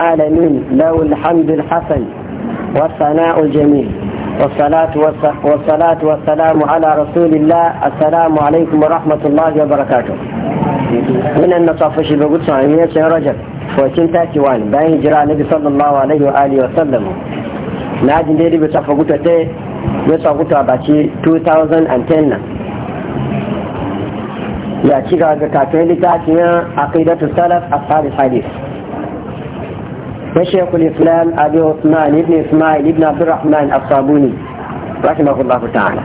العالمين له الحمد الحسن والثناء الجميل والصلاة والصلاة والسلام على رسول الله السلام عليكم ورحمة الله وبركاته من النصف شبه قدس عمية رجب فوتين تاتي وان باين هجراء النبي صلى الله عليه وآله وسلم نادي ديري بصف قدس تي بصف قدس باتي 2010 يا شيخ هذا كاتب لي تاتي عقيدة السلف أصحاب الحديث شيخ الإسلام أبي عثمان بن إسماعيل بن عبد الرحمن الصابوني رحمه الله تعالى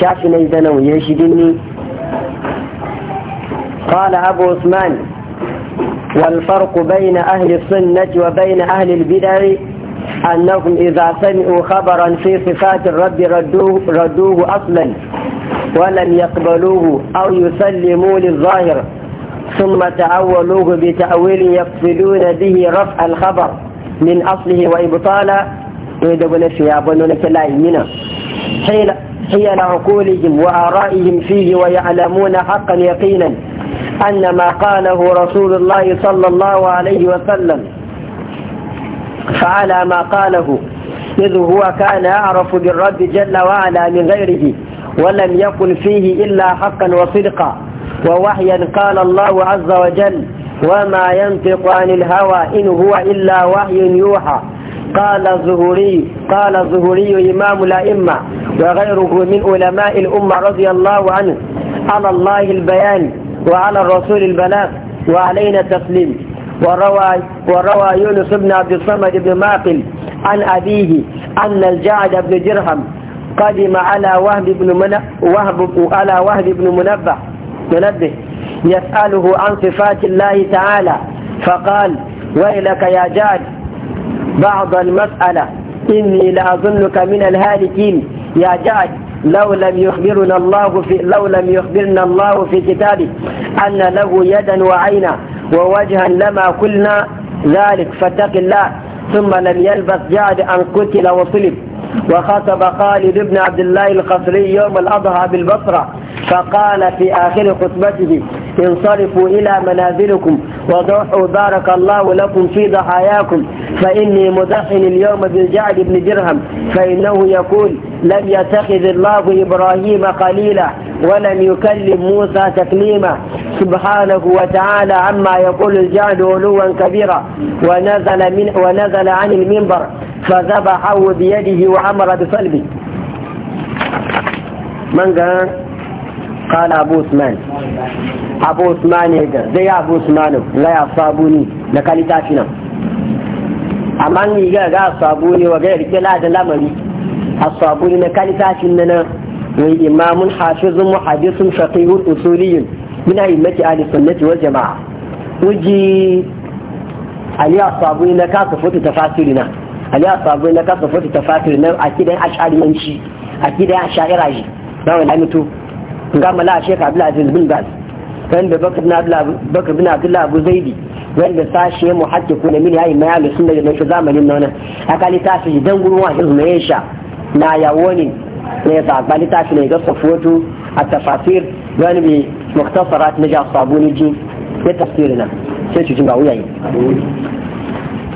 شاف نيدنا ويشدني قال أبو عثمان والفرق بين أهل السنة وبين أهل البدع أنهم إذا سمعوا خبرا في صفات الرب ردوه, ردوه أصلا ولم يقبلوه أو يسلموا للظاهر ثم تعولوه بتأويل يقصدون به رفع الخبر من أصله وإبطال يدبون إيه الشيابون لكلايمنا حين حين عقولهم وآرائهم فيه ويعلمون حقا يقينا أن ما قاله رسول الله صلى الله عليه وسلم فعلى ما قاله إذ هو كان أعرف بالرب جل وعلا من غيره ولم يقل فيه إلا حقا وصدقا ووحيا قال الله عز وجل وما ينطق عن الهوى إن هو إلا وحي يوحى قال الزهري قال الزهري إمام الأئمة وغيره من علماء الأمة رضي الله عنه على الله البيان وعلى الرسول البلاغ وعلينا التسليم وروى, وروى يونس بن عبد الصمد بن ماقل عن أبيه أن الجعد بن درهم قدم على وهب بن, من... وهب... على وهب بن منبه منبه يسأله عن صفات الله تعالى فقال ويلك يا جاد بعض المسألة إني لأظنك من الهالكين يا جاد لو لم يخبرنا الله في لو لم يخبرنا الله في كتابه أن له يدا وعينا ووجها لما قلنا ذلك فاتق الله ثم لم يلبث جاد أن قتل وصلب وخطب خالد بن عبد الله القصري يوم الأضحى بالبصرة فقال في آخر خطبته انصرفوا إلى منازلكم وضحوا بارك الله لكم في ضحاياكم فإني مدحن اليوم بالجعد بن درهم فإنه يقول لم يتخذ الله إبراهيم قليلا ولم يكلم موسى تكليما سبحانه وتعالى عما يقول الجعد علوا كبيرا ونزل, من ونزل عن المنبر فذبحه بيده وأمر بصلبه من قال kala abu usman abu usman ne ga abu usman na kalita shi nan amma ni ga ga sabuni wa ga rike la da lamari as-sabuni na kalita shi nan wai imamun hafizun muhaddisun shaqiyun usuliyun min a'immati ahli sunnati wal jamaa uji ali as-sabuni na ka futu tafasirina ali as-sabuni na ka futu tafasirina akidan ash'ariyanci akidan ash'araji na wani mutu gama la shek abdulaziz bin baz wanda bakar bin abdullahi abu zaidi wanda sashe mu hakki kuna mini yayi maya da sun da na shi zamanin nan a kali tashi dan gurwa shi zuma yasha na yawoni ne sa kali tashi ne ga sofoto a tafasir wani bi muktasarat na ja sabuni ji ya tafsirin nan sai ci jin ga wuyayi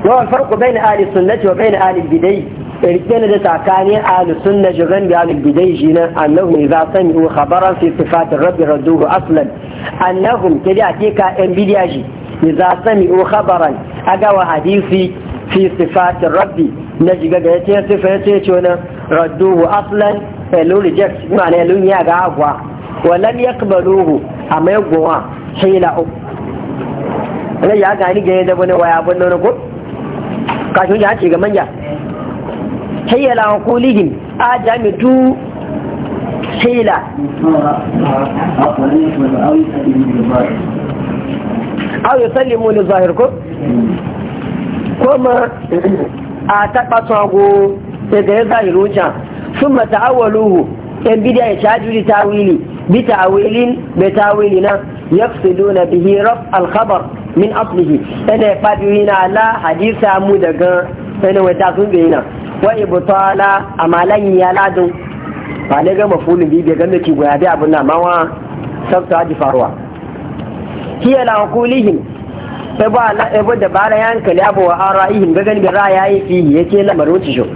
wa farqu bain ahli sunnati wa bain ahli bidai irkena da tsakanin ahlu sunna jiran da ahlu bidai shi nan annahum idza sami'u khabaran fi sifati rabbi radduhu aslan annahum kadi akika en bidiya shi idza sami'u khabaran aga wa hadisi fi sifati rabbi na jiga ga yace sifa yace ce wannan radduhu aslan elu reject ma'ana elu ya ga agwa wa lam yaqbaluhu amma yagwa shi up ne ya gani ga yadda wani waya bannan ko kashi ya ce ga manja hayyala hankulihim a jami'tu sila aw yusallimu li zahir ko kuma a taba tsago daga ya zahiru can sun mata awaluhu yan bidiyan shajuri tawili bi tawilin bi tawilina yafsiduna bihi raf al-khabar min aslihi faɗi fadiwina la hadisa mu daga ana wata sun bayyana wa ibtala amalan ya Ladu ba ne ga mafulin bi ga ne ki goya da abun na mawa sabta ji faruwa kiya la qulihim ebo ala ebo da bara li abu wa ara'ihim ga gani ra yayi fi yake la wuce sho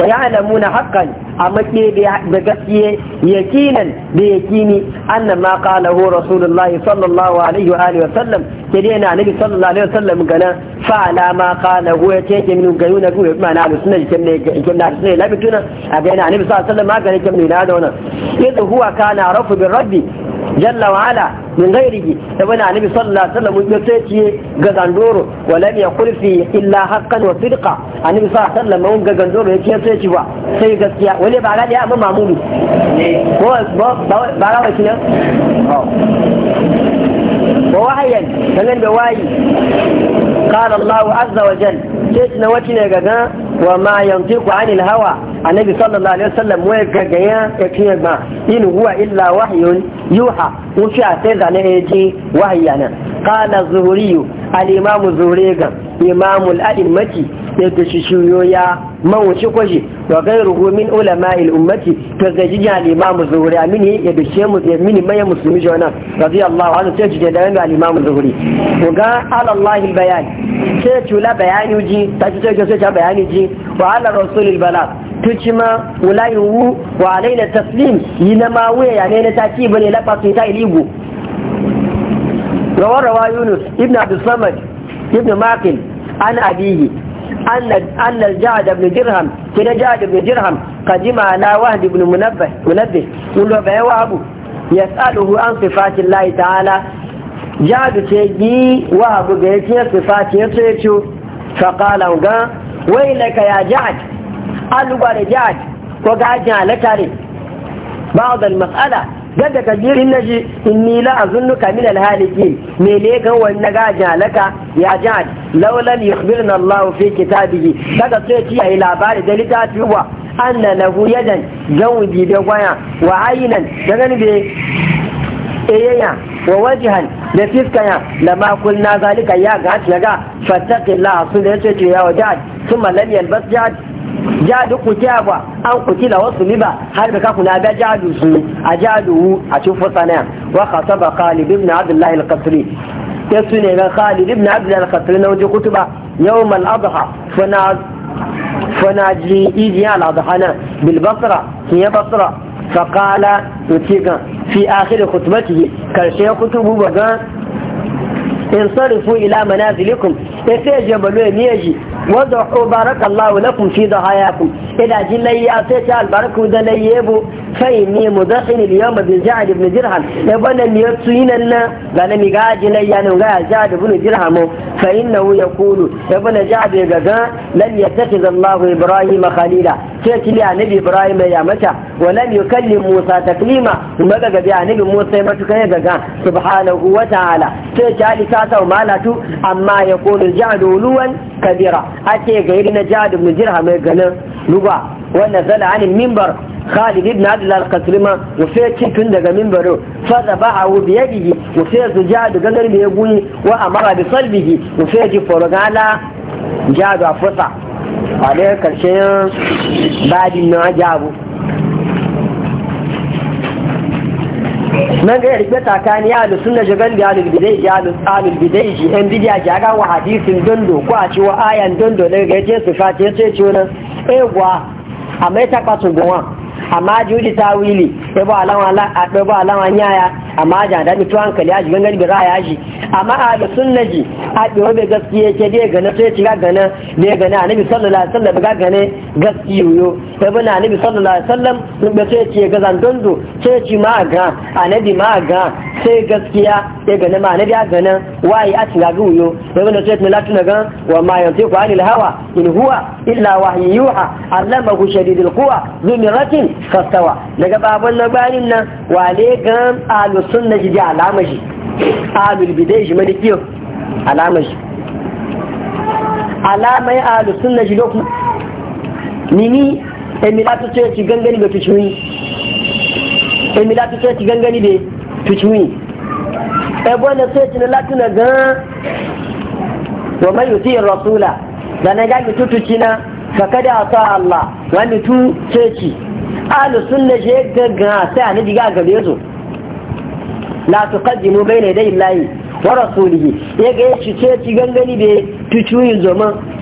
wa ya'lamuna haqqan amma ke da gaskiye yakinan da yakini anna ma qalahu rasulullahi sallallahu alaihi wa alihi wa sallam ke yana na nabi sallallahu alaihi wa sallam gana fa ma kana go ya yake min ga yuna go ma na musulmi kin ne kin na sai la bituna a ga ina annabi sallallahu alaihi wasallam magana kin ne na da wannan yadda huwa kana rafu bi rabbi jalla wa ala min ghairihi da wani annabi sallallahu alaihi wasallam ya ce ga gandoro walam yaqul fi illa haqqan wa sidqa annabi sallallahu alaihi wasallam ga gandoro ya ce ci ba sai gaskiya wale ba ga mamuni ko ba ba ba da قال الله عز وجل تيتنا وتنا غغا wa ma yantiqu anil hawa annabi sallallahu alaihi wasallam wa gagaya ya kiyar ba in huwa illa wahyun yuha wuce a sai zane ya ji wahayi nan qala zuhri al imam zuhri ga imam al mati ya tashi shiyo ya mawuci kwashi wa gairuhu min ulama al ummati to ga jin al imam zuhri amini ya dace mu ya mini mai musulmi jona radiyallahu anhu sai ji da al imam zuhri to ga ala al bayan sai tula bayani ji ta ji sai ta bayani ji wa ala rasulil bala tucima ulayuwu wa alaina taslim yina ma wuya yana na taki bane la kwasu ta rawa yunus ibn ibn maqil an أن أن الجعد بن درهم كده جعد بن درهم قدم على وهد بن منبه منبه قل له يسأله عن صفات الله تعالى جعد تجي بيتي صفات فقال وقال wai laka ya jihad aluba da jihad ko gajin halaka ne ba zan matsala yadda ka jiri na ji inni la azunnuka min alhaliki me ne ga na gajin alaka ya jihad laulan yukhbirna Allah fi kitabihi kaga sai ci yayi labari da littafi wa anna lahu yadan jawdi da gwaya wa aynan da ganin eyaya wa wajihan da fiskaya da makul na zalika ya ga hati ga fattaqillaha sun da yace ya wa jihad thumma lam yalbas jihad jihad ku ba an kutila wasu liba har da kaku na ga jihadu su a jihadu a cikin fasana wa khasaba khalid ibn abdullah al-qasri ya sune ga khalid ibn abdullah al-qasri na waje kutuba yawm al-adha fana fana ji ijiya al-adha nan bil basra ki ya basra faƙala yake gan fi akhir khutbatihi karshe kutubu ba gan in sarifu ila manazilikum ya sai je balo ya niye ji wadda ku barakallahu lakum fi dhahayakum ila ji layya sai ta albaraku da layyebo sai ni mudakhin al-yawm bi ja'd ibn dirham ya bana mi yatsuinan na ga na mi ga ji layya nan ga ja'd ibn dirham fa innahu yaqulu ya bana ja'd ya ga lan yattakhiz Allah Ibrahim khalila sai ta ya nabi Ibrahim ya mata wa lam yukallim Musa taklima kuma ga ga nabi Musa matukan ya ga subhanahu wa ta'ala sai ta ali ta sau malatu amma ya qulu ja'ad uluwan kabira ake gairi na ja'ad jirha mai ganin luba wanda a an mimbar Khalid ibn Abdullah al-Qaslima wafe cikin daga mimbar fa zabahu bi yadihi wafe su ja'ad gagar mai guyi wa amara bi salbihi wafe ji forgala a fusa a da karshen babin na jabu man ga rike tsakani ya lusun na jigan da alul bidai ya alul bidai ji an bidiya wa hadisin dondo ko a ci ayan dondo daga yace su fa ce ce ce wannan ewa eh, a mai ta amma juji ta wili ya ba alawan yaya amma ja da mutu hankali ya jigan galibi ra'aya shi amma a da sunna ji a ɗiwa bai gaskiya ke dai gane sai ci gane ne gane nabi sallallahu alaihi wasallam ga gane gaskiya yiwu ya bi na nabi sallallahu alaihi wasallam sun ba sai ci ga zandondo sai ci ma ga nabi ma ga sai gaskiya ya gane ma nabi ya gane wayi a cin gagu yo ya bi na sai ci latin na ga wa ma yantiqu anil hawa in huwa illa wahyi yuha ku shadidul quwa zumiratin fastawa daga babban na bayanin nan wale gan alusun na jiji alama shi alul bidai shi mani kiyo alama shi alama alusun na jilo kuma nini emilatu tsoye ci gangani da tuciwi emilatu tsoye ci gangani da tuciwi ebo na ce ci na latina gan wa mai yuti rasula da na gagi tutuci na a ta Allah wani tu ce ci ahlus sunna je gaga sai annabi ga gare su la da bayna yaday layi wa rasulihi ya ga shi ce ci gangani da tucuyin zoman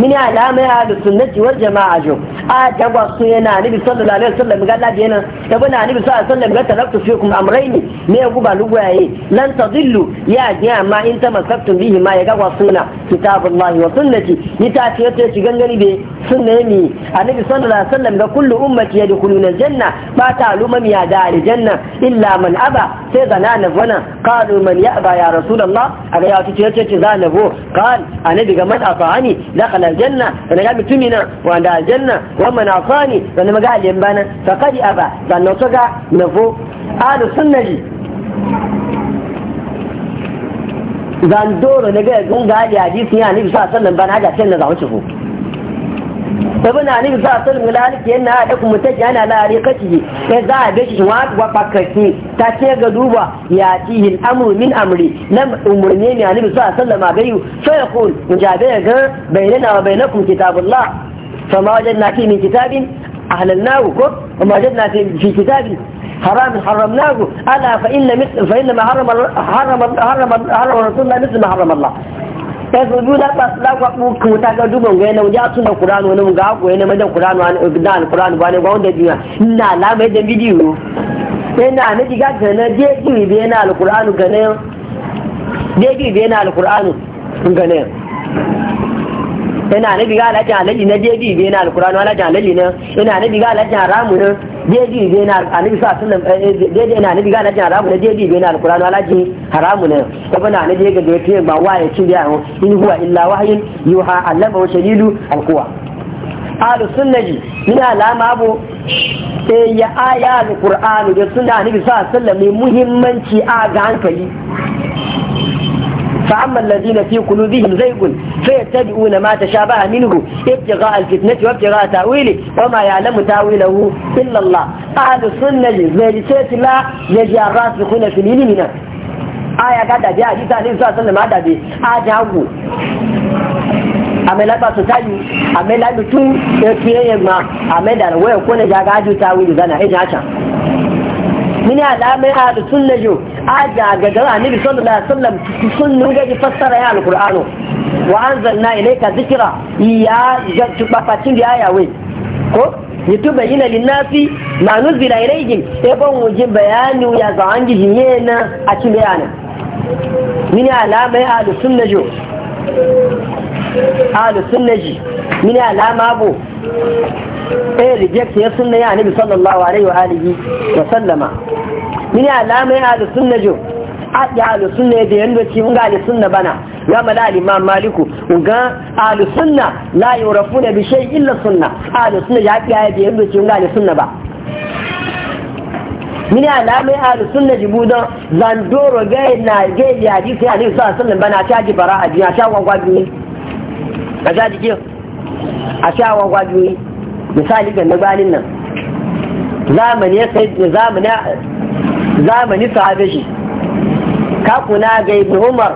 min alama ya da sunnati wal jama'a jo a ta gwasu yana nabi sallallahu alaihi wasallam ga ladi yana ta bana nabi sallallahu alaihi wasallam ga taraktu fikum amrayni me ya guba lugwaye lan tadillu ya ji amma in ta tamassaktum bihi ma ya ga gwasu na kitabullahi wa sunnati ni ta ce ta ci gangani be sunna mi annabi sallallahu alaihi wasallam ga kullu ummati yadkhuluna janna ba ta lumami ya da janna illa man aba sai zana na bana qalu man ba ya rasulullah ga ya tuce ce ce zana bo qal annabi ga fahani afani dakhala janna da ga mutumina wa da janna wa man afani dan maga aljan bana faqad aba dan no da na bo ahlu sunnati zan doro ne ga gunga hadisi ya ni sa sallan bana ga cewa na zawo ci sabana annabi sa sallallahu alaihi wasallam yana da kuma take yana la riqatihi sai za a gashi wa wa bakkaci ta ce ga duba ya tihil amru min amri lam umurni ne annabi sa sallallahu alaihi wasallam sai ya kun mujabe ga bainana wa bainakum kitabullah fama wajadna fi min kitabin أهللناه كف وما وجدنا في, في كتاب حرام حرمناه ألا فإن مثل فإن ما حرم حرم حرم حرم رسول الله مثل ما حرم الله ta biyu da ba su lagwa buku ta ga dubon ga yana wajen tun da wani ga ko yana majan qur'ano an da alqur'ano ba ne ba wanda duniya na la yadda bidiyo yana ne diga ga na je ji bi yana alqur'ano ga ne je ji bi yana alqur'ano ga ne ina nabi ga alaji alaji na jeji be na wala alhaji alaji na ina nabi ga alaji haramu na jeji be na annabi sa sallam jeji ina nabi ga alaji haramu na jeji be na wala ji haramu na ko bana na je ga da yace ba waye cin ho in huwa illa wahyin yuha allama shadidu alquwa ahlu sunnati min alama abu eh, ya aya alqur'ani da sunna nabi sa sallam ne muhimmanci a ga hankali فأما الذين في قلوبهم زيغ فيتبعون ما تشابه منه ابتغاء الفتنة وابتغاء تأويله وما يعلم تأويله إلا الله أهل السنة مجلسات الله يجي الراسخون في العلم aya ka dabi a عليه ne zuwa sallama dabi a jago amela ba su tayu amela mutum ya fiye ma amela da waya kone jaga ajuta wuri zana ejin acan mini alamai a da sunna jo a da gagar annabi sallallahu alaihi wasallam sunnu ga ji fassara ya alqur'ano wa anzalna ilayka dhikra ya ga bafatin da ya wai ko litubayyana linnasi ma nuzila ilayhim e ban wuji bayani ya ga an gijiye na a cikin bayanin mini alamai a da sunna jo ahlus sunnaji mini alama bu eh reject ya sunna ya nabi sallallahu alaihi wa sallama mini alama ya ahli sunna jo ya ahli sunna da yadda ci mun ga ahli sunna bana ya mada al-imam maliku ga na sunna rafu yurafuna bi shai illa sunna ahli sunna ya kiyaye da yadda ci mun ga ahli sunna ba mini alamai ahlu sunna jibudan zandoro gai na gai ya ji sai alaihi a alaihi bana ta ji bara a ji a shawon a ta ji a shawon gwaji misali ga nabalin nan zamani ya sai zamani zamani sahabe shi ka kuna ga ibn umar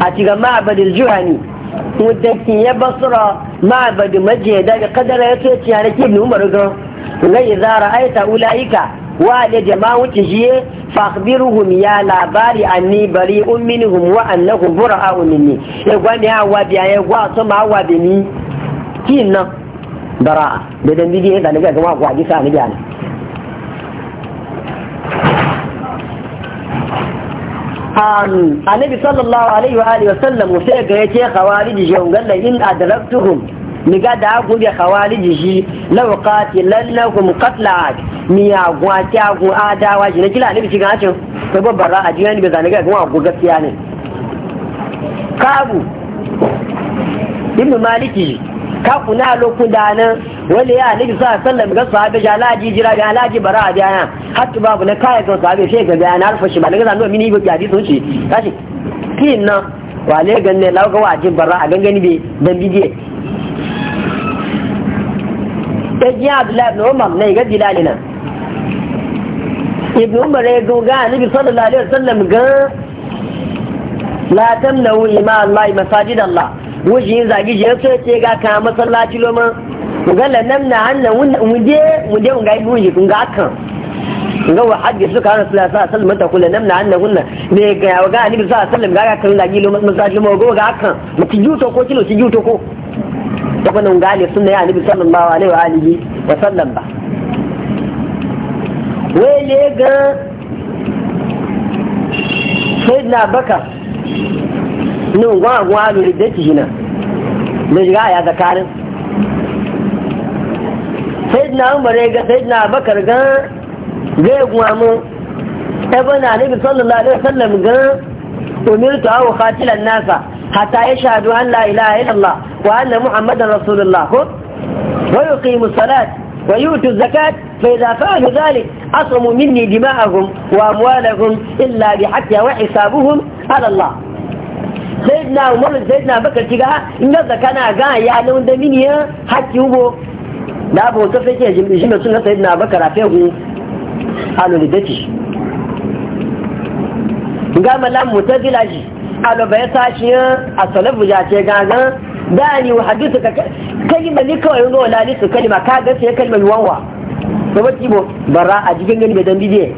a cikin ma'abadin juhani mudakin ya basura ma'abadin majiyada da kadara ya so ci haraki ibn umar ga ga zara ra'aita ulaika wa da jama'u wuce fa akhbiruhum ya labari anni bari'un minhum wa annahum bura'u minni ya gwani hawa biya ya gwa su ma hawa bi ni kin nan bara da dan bidiye da ga ma gwa gisa ni annabi sallallahu alaihi wa alihi wasallam sai ga yace khawarij jongan da in adraktuhum ga da ku bi khawarij shi law qatilannakum qatla ad mi ya gwati agu adawa shi ne kila annabi shi ga cin sai babbara a jiya ni be zanaga kuma agu gaskiya ne kabu ibn maliki ka kuna lokun da nan wani ya nabi sa sallam ga sahabe ja laji jira ga laji bara a yana hatta babu na kai ga sahabe sai ga yana alfa shi ba daga zanu mini ba jadi sun shi kashi kin nan wale gan ne lawa wajin bara a gangani be dan bidiye ta ji abdullahi ibn umar ne ga bilal nan ibn umar ya ga ga nabi sallallahu alaihi wasallam ga la tamnu ima allahi masajid allah yin zagi je so ce ga ka masallaci loma ku ga na hannan mu je mu je mu ga ibu ji ga kan ga wa haddi suka hana sallallahu alaihi wasallam ta kula na annan hunna ne ga ga annabi sallallahu alaihi wasallam ga kan zagi loma masallaci loma ga ga kan mu ti juto ko kilo ti juto ko ta ga sunna ya annabi sallallahu alaihi wa alihi wa sallam ba wai ne ga sayyidina bakar nun gwa gwa alu riddati hina da shiga ya zakarin sai na umar ya ga sai na bakar ga zai guwa mu ebe na nabi sallallahu alaihi wasallam ga umirtu aw khatilan nasa hatta yashhadu an la ilaha illallah wa anna muhammadan rasulullah wa yuqimu salat wa yutu zakat fa idha fa'alu dhalik asamu minni dima'ahum wa amwalahum illa bihaqqi wa hisabuhum ala allah sai na umar sai na baka shiga in ga zakana ga ya nan da miniya hakki ubo da ba wata fake jimi shi ne suna sai na baka rafe hu alulidati ga malam mutazila shi alubaya sashi a salafu ya ce gagan da ni wa hadisu ka kalima ni kawai yin wala ni su kalima ka ga sai kalima wawa to ba kibo bara a jikin gani bai dan bidiye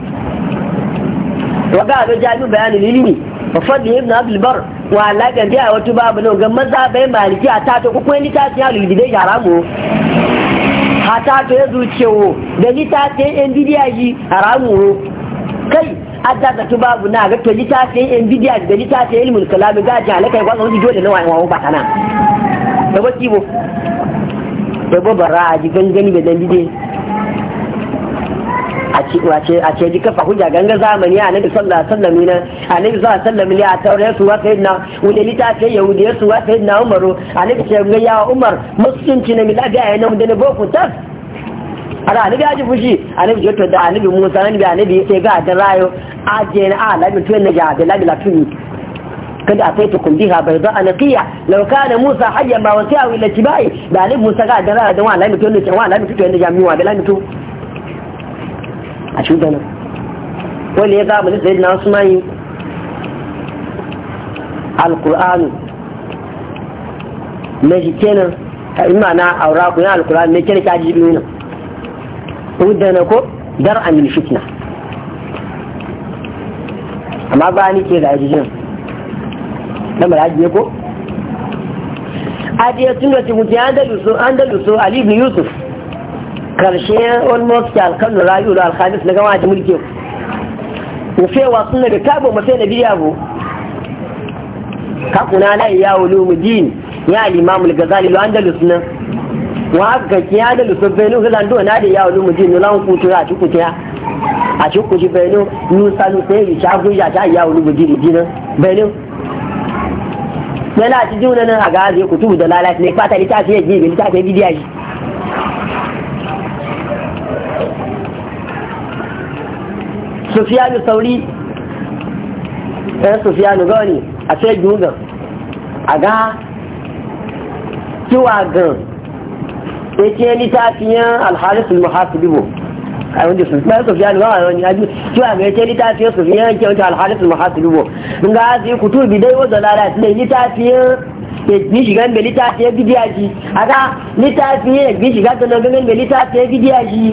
wa ga ga jami'u bayani lilimi wa fadli ibn abdul bar wa alagan biya wata babu nan gan maza bai maliki a tato ko kuma ta halin lulubide yara mu a tato ya zucewo da ni littafin yan bidiya yi a haramu kai adda da tu babu na ga to ni littafin yan bidiya da ni ta littafin ilmul kalami ga ji halakai kwanza wani dole na wayan ba kana da ba kibo da ba bara a ji gangani da dan wace a ce ji kafa hujja ganga zamani a nabi sallallahu alaihi wasallam ne a nabi sallallahu alaihi wasallam ne a taure su wa sayyidina wani ta ce yahudi su wa sayyidina umaru a nabi ce ga ya umar musulunci ne mi da ga yana da ne boko tas ala nabi aji fushi nabi joto da nabi musa a nabi sai ga da rayo a na a nabi to ne ga da labi latuni kada a saita kun biha bai za a naƙiya lauka da musa hajjan ba wasu yawon lati bai da alif musa ga da rayo da wa alamitu wanda ke wa alamitu wanda jami'a da alamitu a cuta nan wani ya gaba da na wasu mayu alkur'anu na shi kenan a ima na aura ku yana alkur'anu na kira kaji biyu nan wadda na ko dar amin fitna amma ba ni ke da ajiyar na marajiye ko ajiye tun da cikin andalusu andalusu ali ibn yusuf karshe almost ya alkanu rayu da alhamis na gama ji mulki kufewa suna da kabo mafi na biya bu kakuna na iya wulu mu din ya limamu daga zalilu andalus na wa haka ki andalus bai nuka zando na da iya wulu mu din nulan kutu a cikin kuta a cikin kuci bai nu nusa nusa ya risha guja ta iya wulu mu din dinan bai yana ci jiunanin a gaza ya kutu da lalata ne fata ta fiye jibe littafi ya bidiya shi sufiyanu sauri ɗan sufiyanu gani a sai gugan a ga kiwa gan ya ce littafiyan alharisul muhasibibu a wanda su ɗan sufiyanu gani wani abu kiwa ga ya ce littafiyan sufiyan ke wata alharisul muhasibibu in ga su kutu bidai wadda ni shiga bidiyaji a ga littafiyan ni shiga ganin mbe littafiyan bidiyaji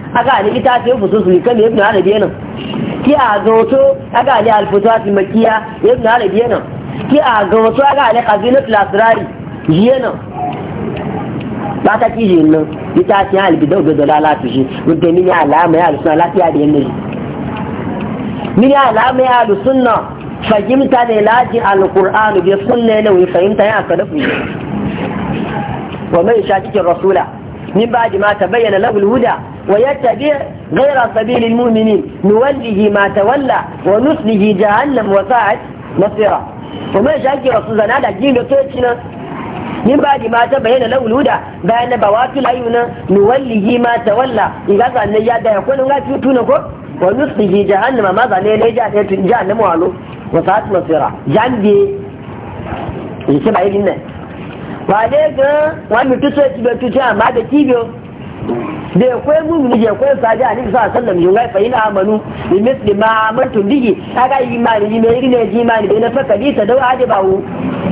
aga ita itace fusu su kan ibnu arabiya nan ki a goto aga ali alfutuat makiya ibnu arabiya nan ki a goto aga ne qabilat lasrari jiye nan ba ta ki jin nan itace ali bidau da dalalatu shi wanda min ya alama ya alsunna lafiya da yanne min ya alama ya alsunna fahimta ne laji alqur'anu bi sunna ne wai fahimta ya dafu wa mai sha cikin rasula min ba ma ta bayyana lahul huda ويتبع غير سبيل المؤمنين نوله ما تولى ونسله جهنم وساعت مصيرا وما شاكي رسول زنا دا جين توتشنا من بعد ما تبين له الهدى بان بوات العيون نوله ما تولى إذا كان نجادا يكون غاتي تونكو ونسله جهنم ماذا نيجا جهنم وعلو وساعت مصيرا جنبي يسمع يدنا وعليك وعليك وعليك وعليك وعليك وعليك da ya koyi mumini ya koyi saji a nisa sallam yi wai fahina amanu da misli ma amantum bihi aga imani yi mai ne ji imani bai na fakali ta dawa da bawo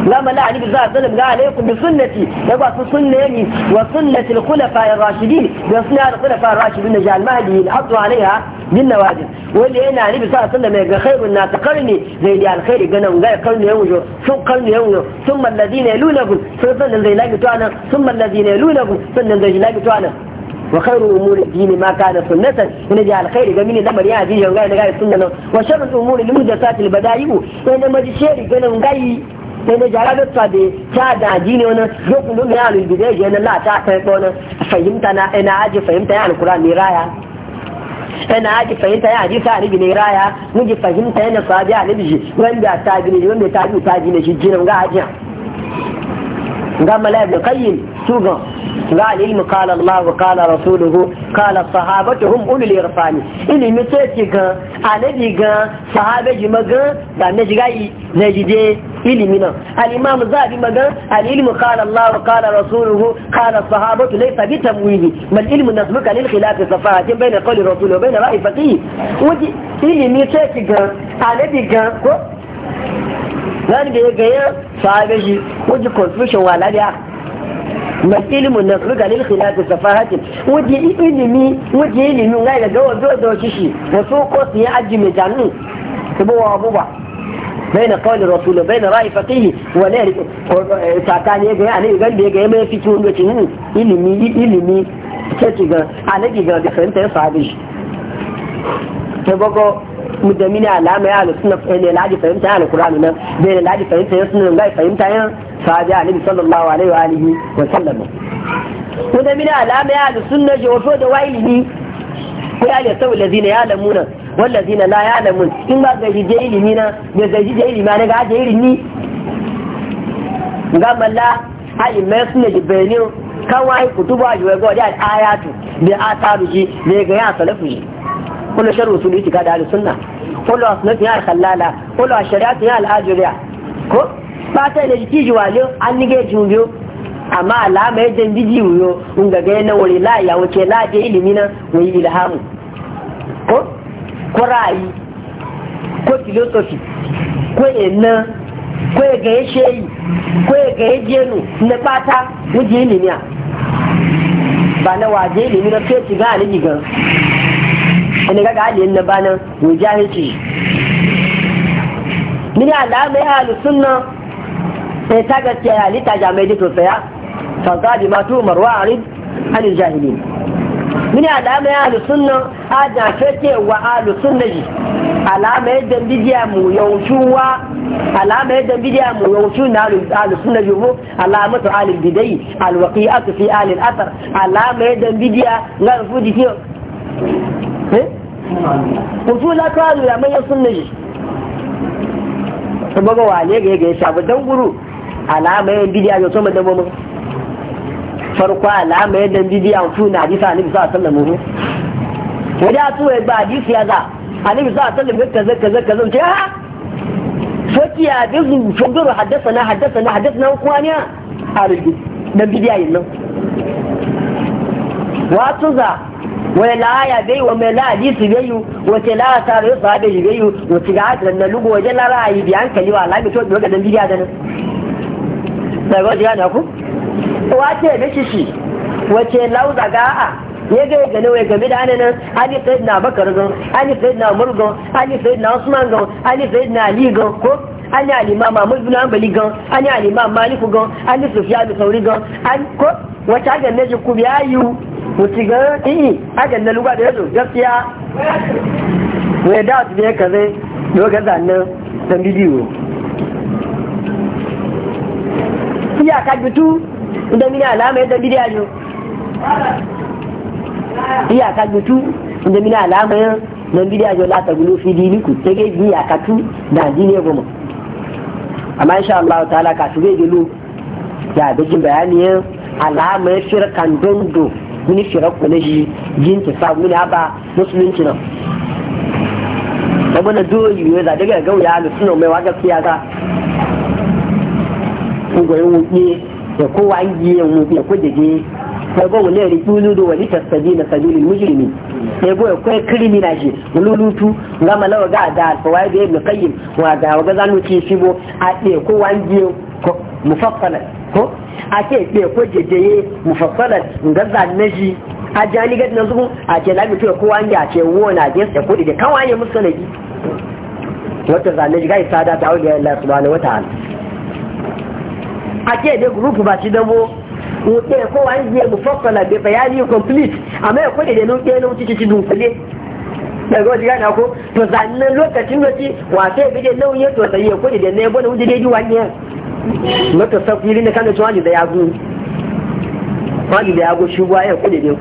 lama na anabi sallallahu alaihi wasallam ga alaikum bi sunnati da ba su sunne ni wa sunnati al-khulafa ar-rashidin da sunna al-khulafa ar-rashidin da jal mahdi al-hadd alaiha bin nawajid wanda yana anabi sallallahu sallam wasallam ga khairun nas qarni zai da alkhairi ganan ga qarni yau jo sun qarni yau jo thumma alladhina yalunahum sun zai lagi to anan thumma alladhina yalunahum sannan zai lagi to anan وخير الامور الدين ما كان سنته ان جعل خير جميل دمر يا دي وغاي نغاي سنن وشر الامور المدسات البدايب ان ما دي شيء بين غاي ان جعل دت دي تشاد دين وانا يوم من يال البدايه ان لا تاك يكون فهمتنا انا اجي فهمت يعني القران مرايا أنا أجي فهمت يا أجي سأري بني رايا نجي فهمت أنا صادي على بيجي وين بيتاجني وين بيتاجني تاجني شجينا وقاعد جا قام لا يبقى قيم سوقا ga alilmu kala Allah wa kala rasuluhu kala sahabatu hum ulul irfani ilimi sai ci ga anabi ga sahabe ji maga da ne ji gai ne ji je ilimi nan al imam zabi maga al ilmu kala Allah wa kala rasuluhu kala sahabatu laysa bi tamwili bal ilmu nasbuka lil khilaf safahatin bayna qawli rasuluhu wa bayna ra'i faqih wuji ilimi sai ci ga anabi ga ko zan ga ga sahabe ji wuji confusion wala da مسلم نخرج عليه خلاف الصفاهة ودي إلمي ودي إلمي غير دو دو دو شيشي وسوق قطي عجي مجانون تبوا أبوبا بين قول الرسول بين رأي فقيه ولا ساتان يجي أنا يقول بيجي ما في تون بتشين إلمي إلمي كتجا أنا جيجا دخلت يا صاحبي ta bago mudamini alama ya alu suna eh, ne laji fahimta ya alkur'ani nan bai da laji fahimta ya suna ngai fahimta ya sahabi alibi sallallahu alaihi wa alihi wa sallam mudamini alama ya alu suna je wato da wayi ni ko ya le sau lazina ya lamuna wallazina la ya lamun in ba ji je ilimi na zai ji je ilimi na ga je ilimi ga malla ai mai suna ji bayanin kan kutubu a juwa ga da ayatu bi a tarihi ne ga ya salafu ji كل شر وصول اعتقاد اهل السنه كل اصناف يا خلاله كل الشريعه يا الاجريه كو fata da jiki jiwale an nige amma alama yadda ji jiyo in ga ga na wuri la ya wuce la je ilimi na wani ilhamu ko ko ra'ayi ko philosophy ko enna ko ga sheyi ko ga jenu na fata wuje ilimi ba na waje ilimi na ga ni ni ga halin na bana mu jahilci da mai halu sunna sai ta gaskiya halitta jami'ai da tosaya fasa bi matu marwa a jahilin ni jahilin da mai halu sunna a fete wa halu sunna ji alama da bidiya mu yaushuwa alama da bidiya mu yaushu na halu sunna ji mu alamatu halin bidai alwaƙi fi halin asar Alama da bidiya na rufu jikin eh kufu la kalu ya mai yasun ne ta baga wale ga ya shabu don guru alama yin bidiya ga sama da mamu farko alama yin don bidiya fu na hadisa nibisa a alaihi wasallam wadda su ya ba hadisi ya za a nibisa a alaihi wasallam kaza kaza kaza ce ha fati ya bizu shuguru haddasa na haddasa na haddasa na kwaniya a rubu don bidiya yin nan wato za wani laaya bai wa mai la'adi su gayu wace la'a ta rayu sa bai gayu wace ga hadiran na lugu wajen na ra'ayi biyan kaliwa wa to biyo ga dan bidiya da daga wajen yana ku wace da shishi wace lauza ga'a ya ga gane wai game da hannun ali sayyid na bakar gon ali sayyid na murgon ali sayyid na usman gon ali sayyid na ali gon ko an yi alima mahmud bin hanbali gan an yi maliku gan an yi sufiya da sauri gan an ko wata agan na ya yi wuti iyi na da yazo gaskiya wai da su bidiyo iya ka idan mini alama yadda iya ka idan mini alama yadda gulo fi dini ku tege biya ka tu da dini goma amma insha Allah ta'ala ka su zai gilu ya da jin bayaniyan alamar shirkan dondo mini shirakku na shi yin ta samu ne ba musulunci nan saboda doyi ne da daga ga wuya da suna mai waga siya ga ko goyi wuke da kowa yi yin wuke ko da sai wani yari tulu da wani tasadi na sabilul mujrimi sai go akwai krimina shi lulutu gama lawa ga da alfawai da ibn qayyim wa ga wa gazanu ci shibo a ɗe ko wangiyo ko ko a ce ɗe ko jejeye mufassalan gaza naji a jani gadi na zuku a ce lami tuwa ko wangi a ce na jes da kudi da kan wani wata zane ga isa da ta'awuli ya Allah wata wa ta'ala a ce dai gurupu ba shi dabo wuce ko an je mu fassala da bayani complete amma ya kwade da nuke na wuce cikin dunkule daga wajen na ko to zannan lokacin da ci wato ya bide nauyi to sai ya kwade da na yabo na wuce da yi wani yan mata safiri na kanda tuwani da ya gu wani da ya gu shi ya kwade da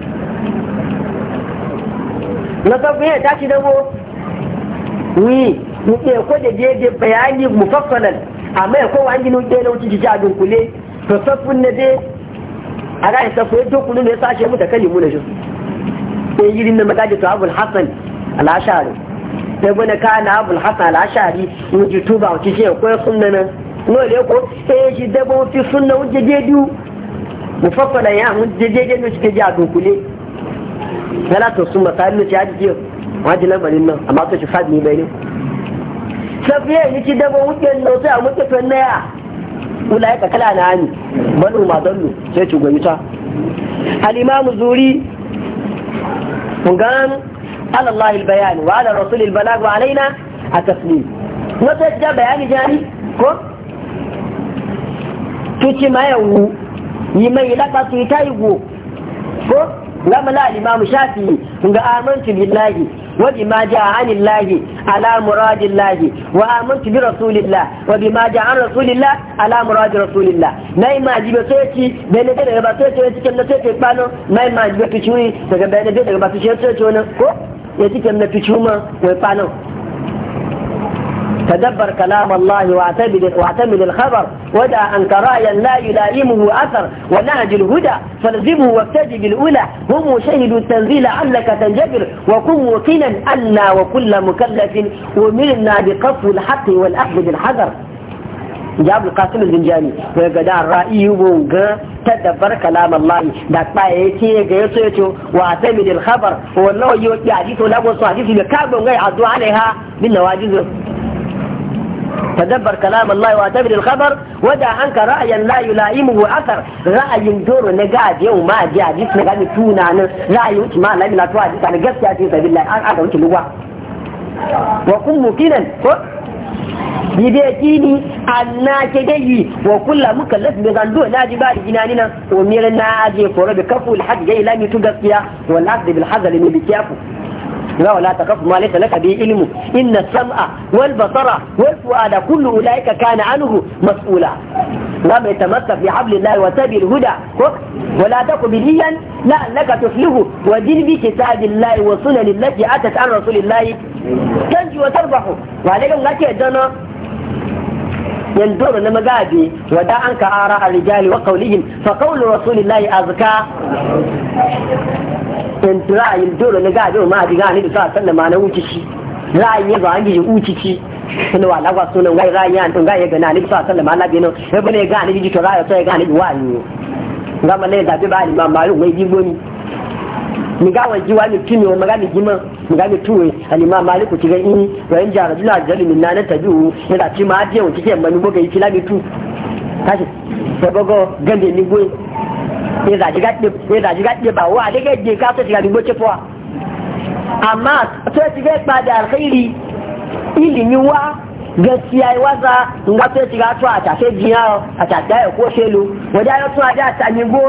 na safiri ya tashi go wi wuce kwade da ya bayani mufaffalan amma ya kowa an gina wuce na wuce cikin dunkule to safin na dai a ga isa koyi to kullu ne sashe mu takallimu da shi sai yirin na magaji to abul hasan al-ashari sai bane kana abul hasan al-ashari wuji tuba wuci shi koyi sunna nan no le ko sai eh, shi dabo fi sunna wuji jediu mufassala ya mun jejeje ne shi ji a dokule yana to sun masalin ci haji jiya haji lamarin nan amma to shi fadi ne bai ne sai fiye ni ci dabo wuce no sai a mutu ya. kula ya kala na manu ma don sai ci gwani ta imam zuri ala Allah bayan wa ala al balag wa alaina a taslim wata ja bayani jani ko tuci mayawu yi mai laka su yi ta yi go ko gama al imam shafi ga amantu billahi وبما جاء عن الله على مراد الله وآمنت برسول الله وبما جاء عن رسول الله على مراد رسول الله نايما ما جيب سيتي بين دين غبا سيتي يتكلم لا سيتي بانو ناي ما جيب تشوي daga بين دين غبا سيتي سيتي ونكو يتكلم لا تشوما ويبانو تدبر كلام الله واعتمد واعتمد الخبر ودع أنك رايا لا يلائمه أثر ونهج الهدى فالزمه وابتدي بالأولى هم شهدوا التنزيل عملك تنجبر وكن موقنا أنا وكل مكلف أمرنا بقصف الحق والأخذ بالحذر جاب القاسم الزنجاني ويقول الرأي يبونغ تدبر كلام الله دا باي تي غيتو يتو واعتمد الخبر والله يوتي حديث ولا بوصو حديث لكابو غي عدو عليها بالنواجذ تدبر كلام الله واعتبر الخبر ودع عنك رأيا لا يلائمه أثر رأي دور نقاد يوم ما جاء جيت نقاد تونا رأي وش ما لا يلا تواجد أنا قصة في سبيل الله أنا وش اللي وكن مكينا bidiyatini أنا كدي وكل مكلف بغندو mukallaf bi zando وميرنا أجي ba jinani الحق جاي لا ko rabi kafu al hajj ila لا ولا تخف ما ليس لك به علم إن السمع والبصر والفؤاد كل أولئك كان عنه مسؤولا لم يتمسك بحبل الله وتبي الهدى ولا بليا لا لك تفله ودين بكتاب الله وسنن التي أتت عن رسول الله تنجو وتربح وعليكم لا تهدنا يندور لما قادي ودا أنك آراء الرجال وقولهم فقول رسول الله أذكى أنت رأي يندور لما قادي وما أدري قال النبي صلى الله عليه وسلم أنا وتشي رأي يبغى عندي وتشي suna wala wa sunan gai rayan tun gai ga nabi sallallahu alaihi wasallam bino ya bane ga nabi ji to rayo sai ga nabi wani ga mallai da bi ba imam wai giboni mi ga wai jiwa ni kimi ma ga gima mi tuwe ani ma maliku ki ga in jara jula jali min na tabiu ni da ti ma je o kike ma ni boga yi tu kashi sai bogo gande ni gwe ni da ji de ni da ji de ba wa de ga je ka so ti ni gwe chepoa amma to ti ga pa da alkhairi wa gaskiya yi waza in ga to to a ta jiya a ta da ko shelo wajen tun a da ta ni go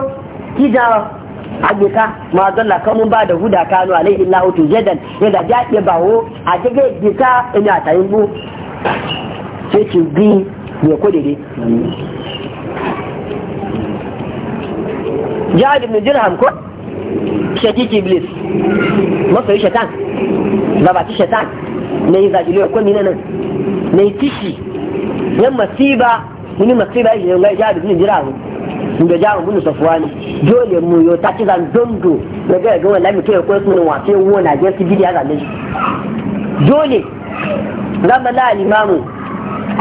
agbeka ma zalla mun ba da huda kanu alai illa hutu jadan yadda ja ke bawo a daga gita ina tayin bu sai ki bi ne ko dai jihad ibn dirham ko shaki iblis masoyi shaitan babaci shaitan na yi zagiliyo ko mina nan na yi tishi yan masiba mini masiba yi jihad ibn dirham da jawo bunu safuwa ne dole mu yo ta ci zan dondo da ga ga wallahi mutum ya koyi sunan wafe wo na je su bidiya zan shi dole zama la alimamu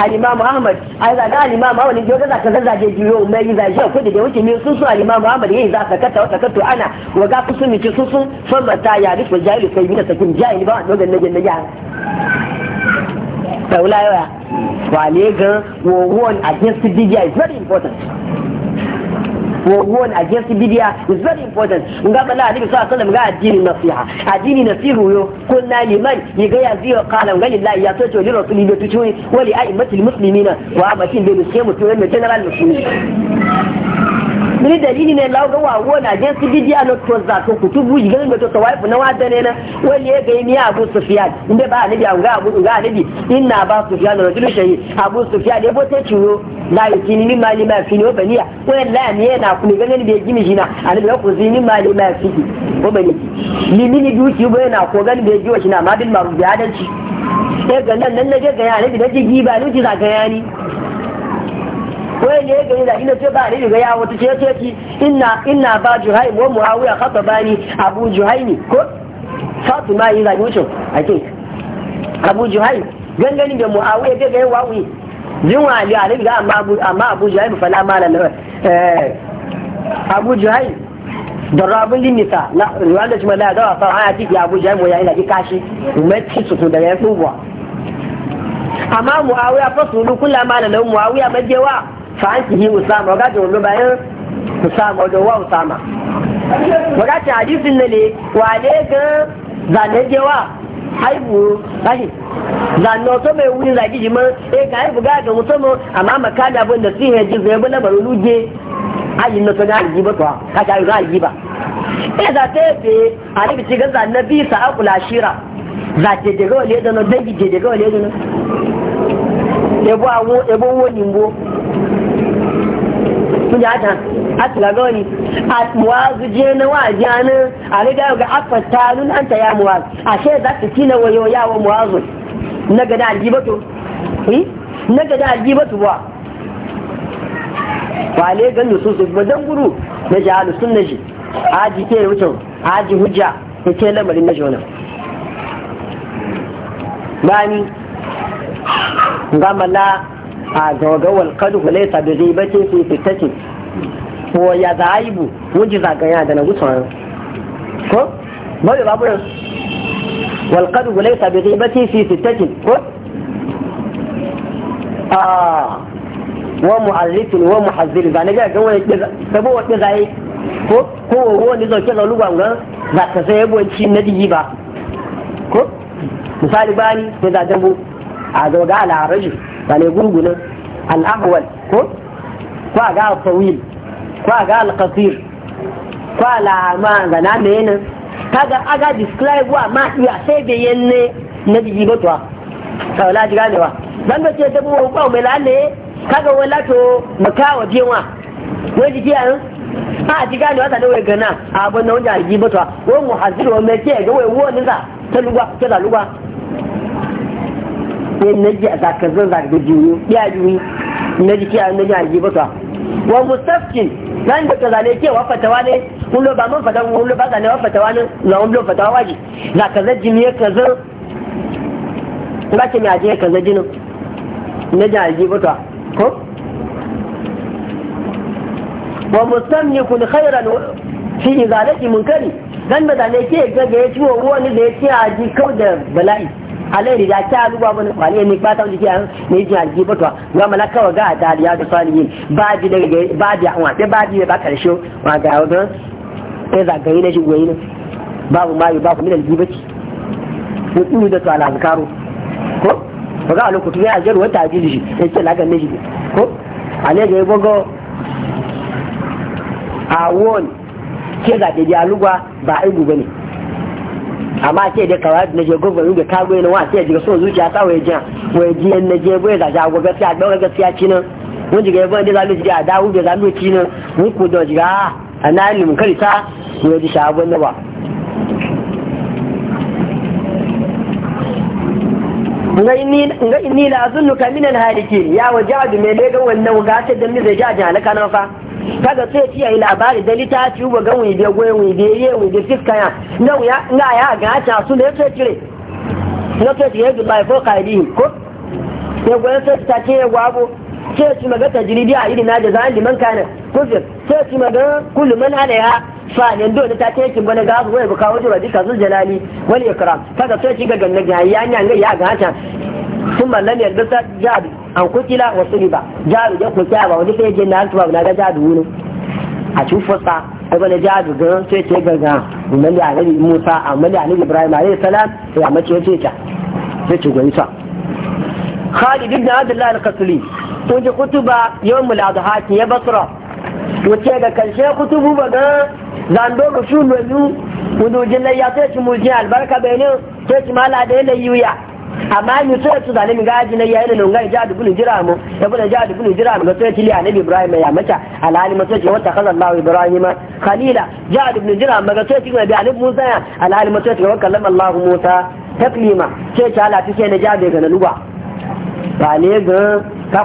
alimamu ahmad ai da, ga alimamu awalin jiyo gaza ka zaza je jiyo mai yi zaje ko da wuce min sun su alimamu ahmad yayi za ka kata wata kato ana wa ga kusu mi ci susu fa mata ya rufe jahili kai mina sakin jahili ba wanda ne ne ya taula yawa wale ga wo won against the is very important a against bidiya is very important nga bala ali bi sallam ga addini nasiha addini nasihu yo kunna liman yiga ya ziyo qala yi lillahi ya to li rasuli bi tuci wali a'immatil muslimina wa amatin bi muslimu to general muslimin mini dalili ne lawo ga wawo na je su gidi a lokacin za to kutu buji ganin da to tawaifu na wa dane na wani ya gani ya abu sufiyan inda ba anabi an ga abu ga anabi inna ba sufiyan rajul shayi abu sufiyan ya bote ciwo la yukini min mali ma fi no baniya wani la ne yana kuni ganin da ya gimi jina anabi ya ku zini mali ma fi ko bani ni mini duki ba na ko ganin be ya giwa shi na ma bin maru ya adalci sai ga nan nan na ga ya da na je ba ne ji za ga yani wai ne gani da ina ce ba ne ga ya wata ce ce ki ina ina ba juhai wa muawiya khatabani abu juhaini ko fatima yi da mutum i think abu juhaini gangani da muawiya ga ga wawi jin wali a ga amma abu amma abu juhaini fa la mala la eh abu juhaini darabun limita na wanda kuma la da fa haya ti abu juhaini ya ina ki kashi umetti su da ya tsuwa amma muawiya fa sulu kullama la muawiya majewa fa'ankihi usama ga da wani bayan usama da wa usama wadata hadisin na ne wane ga zanajewa haibu rashi zanna wato mai wuni zagi jiman eh ka haibu ga ga musamman amma makana abin da sun yaji zai bi labarin luje ayin na tana alji ba tuwa ka ta yi na ba ina za ta yafe a nabi ci gaza bi sa'a kula shira za ta daga wale da na dangi daga wale da na awo ebo wo nimbo mun ja ta atla goni atwazu je na wa wajana ale da ga nun anta ya muwaz za ta tina wayo yawo muwazu na ga da aljibatu eh na ga da aljibatu ba wale ga nususu ba dan guru na ja al sunna ji aji ke wucin aji hujja ke lamarin na jona bani ngamala a gawaga wal kadu kulai sabi zai bace su fitace ko ya za a yi bu wuji zagaya da na gusa ko bai babu nan wal kadu kulai sabi zai bace su fitace ko a wa mu'allifin wa muhazzir ba na ga wani sabo wa zai ko ko wani zauke zaulu gwangan za ka sai ci na digi ba ko misali bani sai da dambu a zo ga al'arajin ba ne gungunan al'abuwal ko ko a ga alfawil ko a ga alkasir ko a lama ga na mai yanin kaga aga describe wa ma iya sai da yanne na ji ganewa zan da ce ta buwa lalle kaga wala to makawa biyanwa wai jiki a yin eh? a ji ganewa ta da wai gana abin na wajen jiji batuwa ko mu wa mai ce ga wai wani za ta lugwa ta lugwa sai na ji a zakazin zakaga jiwu ya jiwu na ji kiyaye na ji a ji bata wa mustafkin nan da ka zane ke wafata wane kun lo ba mun fata kun lo ba ka ne fatawa ne na un lo fatawa waji zakazan jini ya kaza ba ke mai ajiye kaza jinin na ji a ji bata ko wa mustamni kun khairan fi izalati munkari dan da ne ke ga ga ya ciwo ruwan da ya ci a ji kau da bala'i alai da ta aluwa bane kwale ne ba ta ke an ne ji alji to ga malaka wa ga da ya da salihin ba ji da ga ba ji an wa ba ji ba karshe wa ga wadan sai da zagaye ne shi goyi ne babu mayu babu min aljibaci ko tsuru da ta ala zakaro ko ba ga lokutu ya ajaru wata ajiji shi sai ce laga ne shi ko alai ga gogo awon ke ga da aluwa ba ai gube ne amma ce da kawai na je gurbin ga kago yana wa sai jiga son zuciya ta waye jiya waye jiya na je bai da jago gaskiya daura gaskiya siya nan mun ga yabon da zalu jiga da hu da zalu ci nan mun ku da jiga ana ah, kai ta waye ji shagon na ba ngai ni la azunnuka min al halikin ya wajadu me lega wannan gata da mi zai ji a na fa kaga sai ci yayi labari da litafi ba ga wani da goyen wani da yayi wani da fiska ya na ya na ya ga ta su ne sai kire na sai ci yayi bai ko kaidi ko ya goyen sai ta ce wabo sai ci maga tajribi a irin na da zan liman kana ko sai sai ci maga kullu man ala ya fa ne dole ta ce kin bana gazu wai buka wajen rabbi kazul jalali wal ikram kaga sai ci ga ganna ga ya nya ga ya ga ta sun mallan yalbisa jadu an kukila wa suriba jadu ya kukiya ba wani sai je na altuba na ga jadu a cikin fusa ai bane jadu ga sai ce gaga mun da annabi Musa amma da annabi Ibrahim alayhi salam sai amma ce ce ta sai ce goyi sa Khalid ibn Abdullah al-Qasli kun ji kutuba yawmul adha ya basra wace da karshe kutubu ba ga zando rushulu wudu jin albarka bayanin sai mala da amma ni so ya tuza ne mi gaji na yayin nan ga ja bulu jira mu da bulu ja bulu jira mu ga sai tili nabi ibrahim ya mata alhali ma sai wata kallan allah ibrahim khalila ja bulu jira mu ga sai nabi annabi musa ya alhali ma sai wata kallan allah musa taklima ce ta ala take na ja ga na luba ba ne ga ka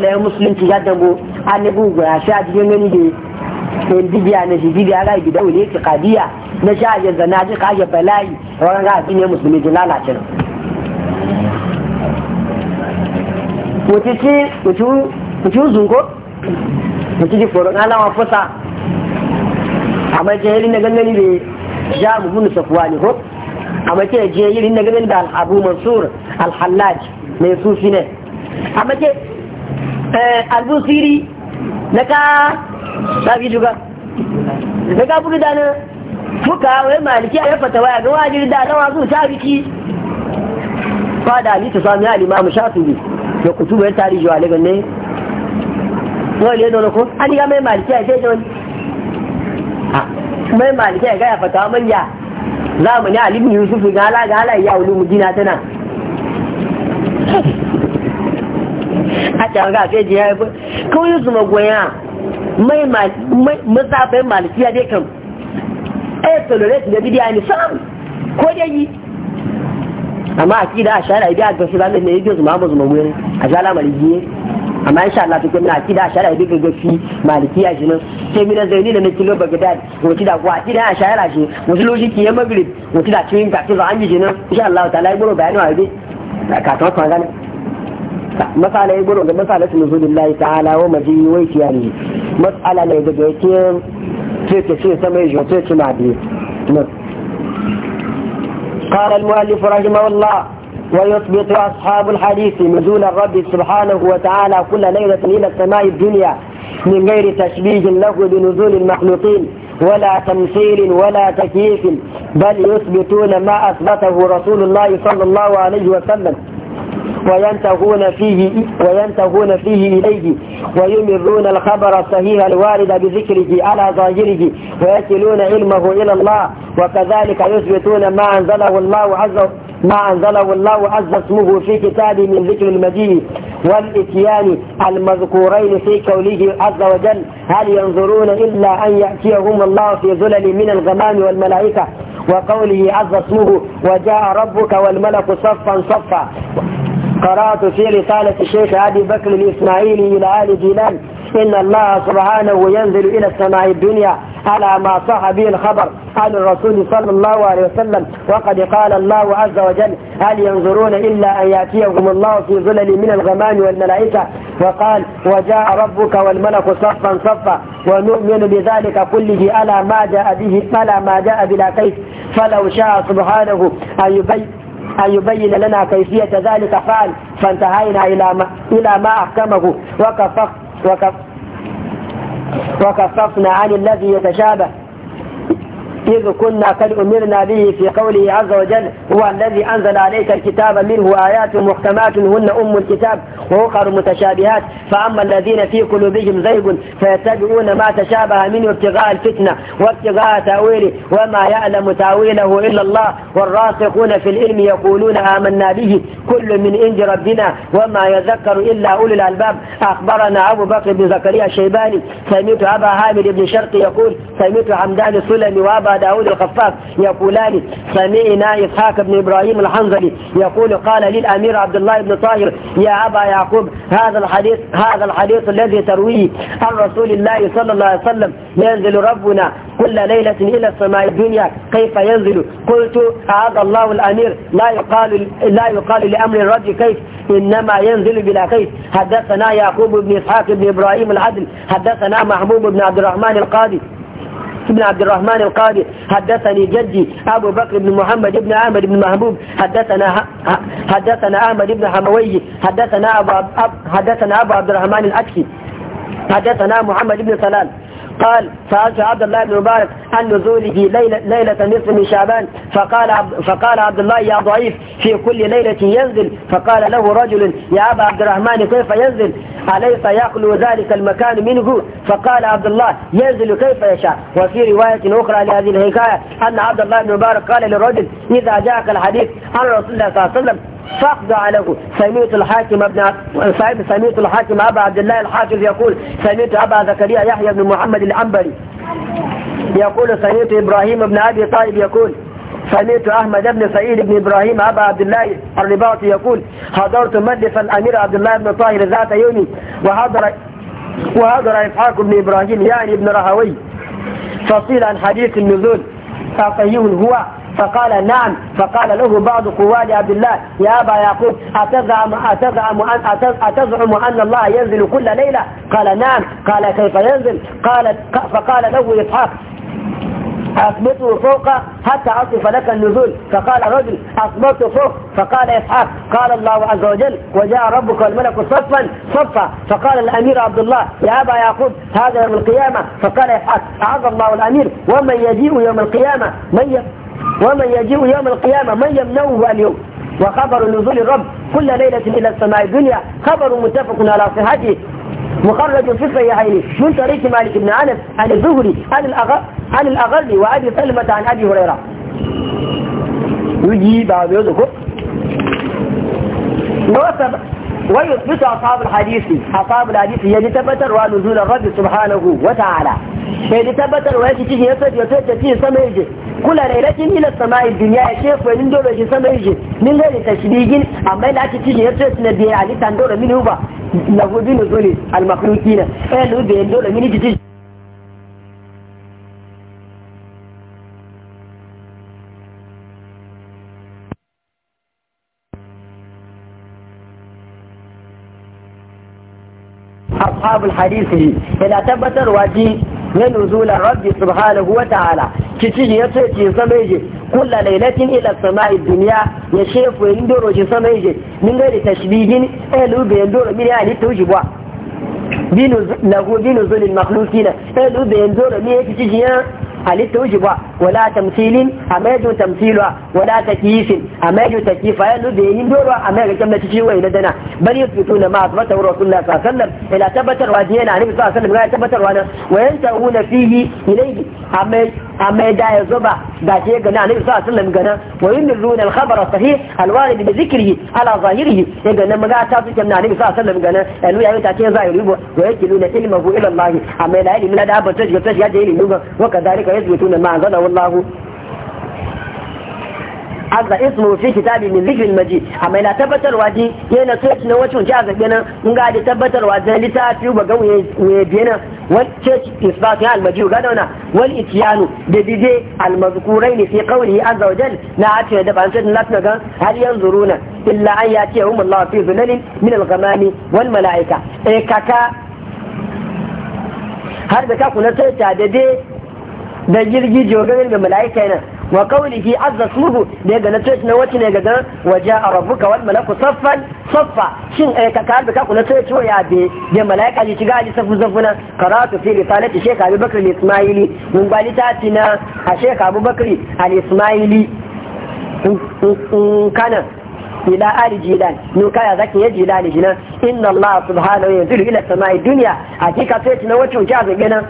ya musulunci ya dambo annabi ga sha jiyan gani da sai bibiya na shi bibiya ga gida wuri ta kadiya na sha yanzu na ka kaje bala'i wannan ga ne musulmi jinala ce mutici mutu zungo mutici koron alawa fusa a mace yari na gangani da ja muhunu safuwa ne ko a mace je yari na gangani da abu mansur alhallaj mai sufi ne a mace eh, albusiri na ka tafi juga na ka buru dana fuka wai maliki a yafata waya ga wajiri da alawa zuwa ta biki fada ni ta sami sha su biyu da kutubu ya tari jiwa daga ne wani ne nono ko an ga mai maliki a ce a mai maliki a gaya fatawa manja za mu ne alibin yusuf ga ala ga ala ya wuli mu gina tana a can ga sai jiya ya fi kawai yusu magoya mai musafai maliki ya dai kan eh tolerate da bidiyani sam ko dai yi amma a kida a shara ibi a gashi ba ne yake zuma ba zuma wuri a shala maliki amma insha Allah to kuma a kida a shara ibi ga maliki a shi sai mina zaini da na kilo bagdad wuci da kuwa kida a shara shi musulunci ki yamma grip wuci da cin ka to an ji insha Allah ta'ala ya goro bayani wa ibi ka to kan gane masala goro ga masala su nuzulillahi ta'ala wa maji wai kiyani masala ne daga yake ce ce sama ya jo ce ma bi قال المؤلف رحمه الله ويثبت أصحاب الحديث نزول الرب سبحانه وتعالى كل ليلة إلى السماء الدنيا من غير تشبيه له بنزول المخلوقين ولا تمثيل ولا تكييف بل يثبتون ما أثبته رسول الله صلى الله عليه وسلم وينتهون فيه وينتهون فيه إليه ويمرون الخبر الصحيح الوارد بذكره على ظاهره ويكلون علمه إلى الله وكذلك يثبتون ما أنزله الله عز ما أنزله الله عز اسمه في كتابه من ذكر المدين والإتيان المذكورين في قوله عز وجل هل ينظرون إلا أن يأتيهم الله في ذلل من الغمام والملائكة وقوله عز اسمه وجاء ربك والملك صفا صفا قرأت في رسالة الشيخ أبي بكر الإسماعيلي إلى آل جيلان إن الله سبحانه ينزل إلى السماء الدنيا على ما صح به الخبر عن الرسول صلى الله عليه وسلم وقد قال الله عز وجل هل ينظرون إلا أن يأتيهم الله في ظلل من الغمام والملائكة وقال وجاء ربك والملك صفا صفا ونؤمن بذلك كله على ما جاء به على ما جاء بلا كيف فلو شاء سبحانه أن يبين أن يبين لنا كيفية ذلك قال فانتهينا إلى ما, إلى ما أحكمه وكفف وكف وكففنا عن الذي يتشابه إذ كنا قد أمرنا به في قوله عز وجل هو الذي أنزل عليك الكتاب منه آيات محكمات هن أم الكتاب وأخر متشابهات فأما الذين في قلوبهم زيغ فيتبعون ما تشابه منه ابتغاء الفتنة وابتغاء تأويله وما يعلم تأويله إلا الله والراسخون في العلم يقولون آمنا به كل من عند ربنا وما يذكر إلا أولي الألباب أخبرنا أبو بكر بن زكريا الشيباني سمعت أبا عامر بن شرقي يقول سمعت حمدان السلمي وأبا داود الخفاف يقولان سمعنا إسحاق بن إبراهيم الحنظلي يقول قال للأمير عبد الله بن طاهر يا أبا يعقوب هذا الحديث هذا الحديث الذي ترويه عن رسول الله صلى الله عليه وسلم ينزل ربنا كل ليلة إلى السماء الدنيا كيف ينزل قلت أعاد الله الأمير لا يقال لا يقال لأمر الرجل كيف إنما ينزل بلا كيف حدثنا يعقوب بن إسحاق بن إبراهيم العدل حدثنا محبوب بن عبد الرحمن القاضي بن عبد الرحمن القاضي حدثني جدي أبو بكر بن محمد بن أحمد بن محبوب حدثنا حدثنا أحمد بن حموي حدثنا أبو حدثنا أبو عبد الرحمن الأكشي حدثنا محمد بن سلال قال سألت عبد الله بن مبارك عن نزوله ليلة, ليلة نصف من شعبان فقال, عبد فقال عبد الله يا ضعيف في كل ليلة ينزل فقال له رجل يا أبا عبد الرحمن كيف ينزل أليس يخلو ذلك المكان منه فقال عبد الله ينزل كيف يشاء وفي رواية أخرى لهذه الحكاية أن عبد الله بن مبارك قال للرجل إذا جاءك الحديث عن رسول الله صلى الله عليه وسلم فاخضع له سميت الحاكم ابن صاحب سميت الحاكم ابا عبد الله الحافظ يقول سميت ابا زكريا يحيى بن محمد العنبري يقول سميت ابراهيم بن ابي طالب يقول سميت احمد بن سعيد بن ابراهيم ابا عبد الله الرباطي يقول حضرت مجلس الامير عبد الله بن طاهر ذات يوم وحضر وحضر اسحاق بن ابراهيم يعني ابن رهوي فصيل عن حديث النزول فصحيح هو فقال نعم فقال له بعض قواد عبد الله يا أبا يعقوب أتزعم, أتزعم, أن أتزعم أن الله ينزل كل ليلة قال نعم قال كيف ينزل قال فقال له إسحاق أصبته فوق حتى أصف لك النزول فقال رجل أصبت فوق فقال إسحاق قال الله عز وجل وجاء ربك والملك صفا صفا فقال الأمير عبد الله يا أبا يعقوب هذا يوم القيامة فقال إسحاق أعظ الله الأمير ومن يجيء يوم القيامة من ومن يجيء يوم القيامة من يمنعه اليوم وخبر نزول الرب كل ليلة إلى السماء الدنيا خبر متفق على صحته مخرج في الصحيحين من طريق مالك بن انس عن الزهري عن الأغر عن الأغر وأبي سلمة عن أبي هريرة يجيب يذكر ويثبت أصحاب الحديث أصحاب الحديث يجي تبتر ونزول الرب سبحانه وتعالى يجي تبتر ويجي تجي يسد يسد يسد يسد كل ليلة إلى السماء الدنيا يا شيخ وين دور يجي سما يجي من غير تشبيه أما لا تيجي يترس نبي علي تندور من هو له بنزول المخلوقين إيه له بندور من تيجي أصحاب الحديث إلى تبتر واجي na nuzulan rabbi subhanahu wa ta'ala kici ya ce ci sama yaje kulla lailatin ila sama'i dunya ya shefu yin doro shi sama yaje min gari tashbihin elu eh, be yin doro min ya ni tauji ba binu lahu binu zulil makhluqina elu eh, be yin doro min ya kici ya halitta wuce ba wala tamsilin a maiju tamsilwa wala takiyisin a maiju takifa ya lube yin doro a mai ga kyamna cikin wai dana bari ya fito na ma'a tabbata wurin rasulullah sallallahu alaihi wasallam ila tabbatarwa ne yana annabi sallallahu alaihi wasallam ya tabbatarwa nan wayan ta'una fihi ilayhi a mai da ya zuba da ke gana annabi sallallahu alaihi wasallam gana wayin nurun al-khabar sahih al-warid bi dhikrihi ala zahirihi ya gana maga ta su kyamna annabi sallallahu alaihi wasallam gana ya lu ya ta ce zahiri bo wa nuna ilmahu ila allah a mai la ilmi da ba ta ji ta ji da ilmi ba wa kadalika يثبتون ما أنزله الله azza ismu fi kitabi min zikril maji amma ina tabbatarwa ji yana so ne wacin ji azza kenan mun ga da tabbatarwa da litafi ba ga waye biyana Wacce church isbat al maji ga dauna wal ityanu da bide al mazkurain fi qawli azza wa jal na ace da ban sai Allah ga hal yanzuruna illa an yatihum Allah fi zulalin min al ghamami wal malaika E, kaka har da ka kula sai ta dade da jirgi jogarin da mala'ika yana wa fi azza suhu da ga na church na wace ne ga wa ja'a rabbuka wal malaku saffan saffa shin ai eh, ka kalbi ka kula church wa ya be da mala'ika ji shiga ali safu zafuna karatu fi risalati shaykh abubakar al-ismaili mun bali ta tina a shaykh abubakar al-ismaili kana إلى آل جيلان نوكايا ذاك يجيلان جنا إن الله سبحانه ينزل إلى السماء الدنيا أتيك فيتنا وتشو جاب جنا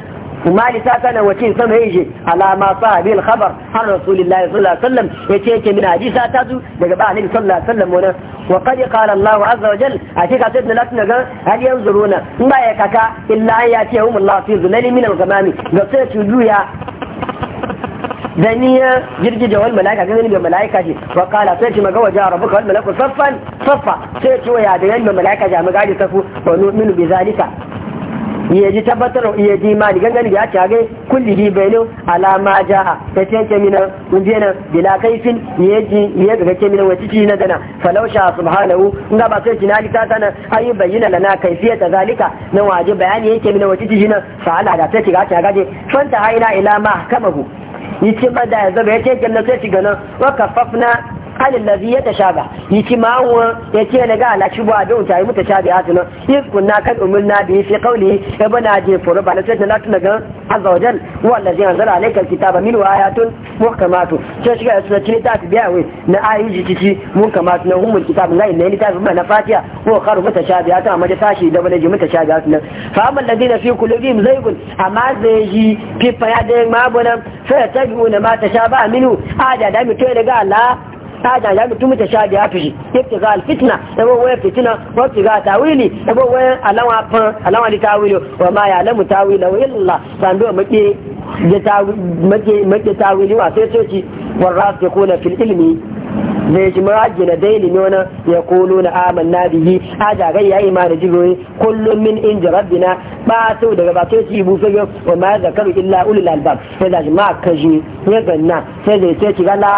mali ta kana wacin sama yaje alama sa bil khabar an rasulillahi sallallahu alaihi wasallam yace yake min hadisa ta zu daga ba annabi sallallahu alaihi wasallam wannan wa qad qala Allah azza wa jalla a cikin sayyidina lakin ga hal yanzuruna in ba ya kaka illa an ya ce hum Allah fi zulali min al-ghamami ga sai tuduya da niya girgije wal malaika ganin da malaika ce wa qala sai ce maga waja rabbuka wal malaku saffan saffa sai ce wa ya da yan malaika ja magadi safu wa nu'minu bi zalika ji tabbatar yaji imani gangan ya ci hage kulli hi bayno ala ma jaha ta tanke mina undena bila kaifin ji iya ga kake mina wati ji na dana falau sha subhanahu in ba sai kina lita tana ayi bayyana lana kaifiyata zalika na waje bayani yake mina wati ji na fa ala da ta ci ga ci fanta haina ila ma kamahu yace bada ya zaba yace ganna sai ci gana wa kafafna alil ladhi yatashaba yiki ma wa yace ne ga alashi ba da wuta yi mutashabi atuna iz kunna kad umilna bi fi qawli ibna ji furu ba sai da latuna ga azza wa jal huwa alladhi anzala alayka alkitaba min wa ayatun muhkamatu ce shiga suna Cini ta fi biya wai na ayi jitici muhkamatu na humul kitab la ilaha illa ta na fatiha ko a mutashabiatu amma da tashi da bane ji mutashabiatu nan fa amma na fi qulubihim zaygun amma zai ji fi fa ya da ma bunan fa tabi'una ma tashabaha minhu ada da mi to daga Allah ada ya mutum ta sha da ya fi yake ga alfitna da ba waya fitina ko ki ga tawili da ba waya alawa fa alawa li tawili wa ma ya lamu tawila wa illa sando make da tawili make make tawili wa sai soci warras ya kula fil ilmi da shi ma'aji na daili ne wani ya kolo na aman na biyi a jagai ya yi ma da jigoyi kullum min in ji rabbina ba sau daga ba sai shi ibu fage wa ma ya zakaru illa ulul albab sai da shi ma kashi ya ganna sai da ya ce gala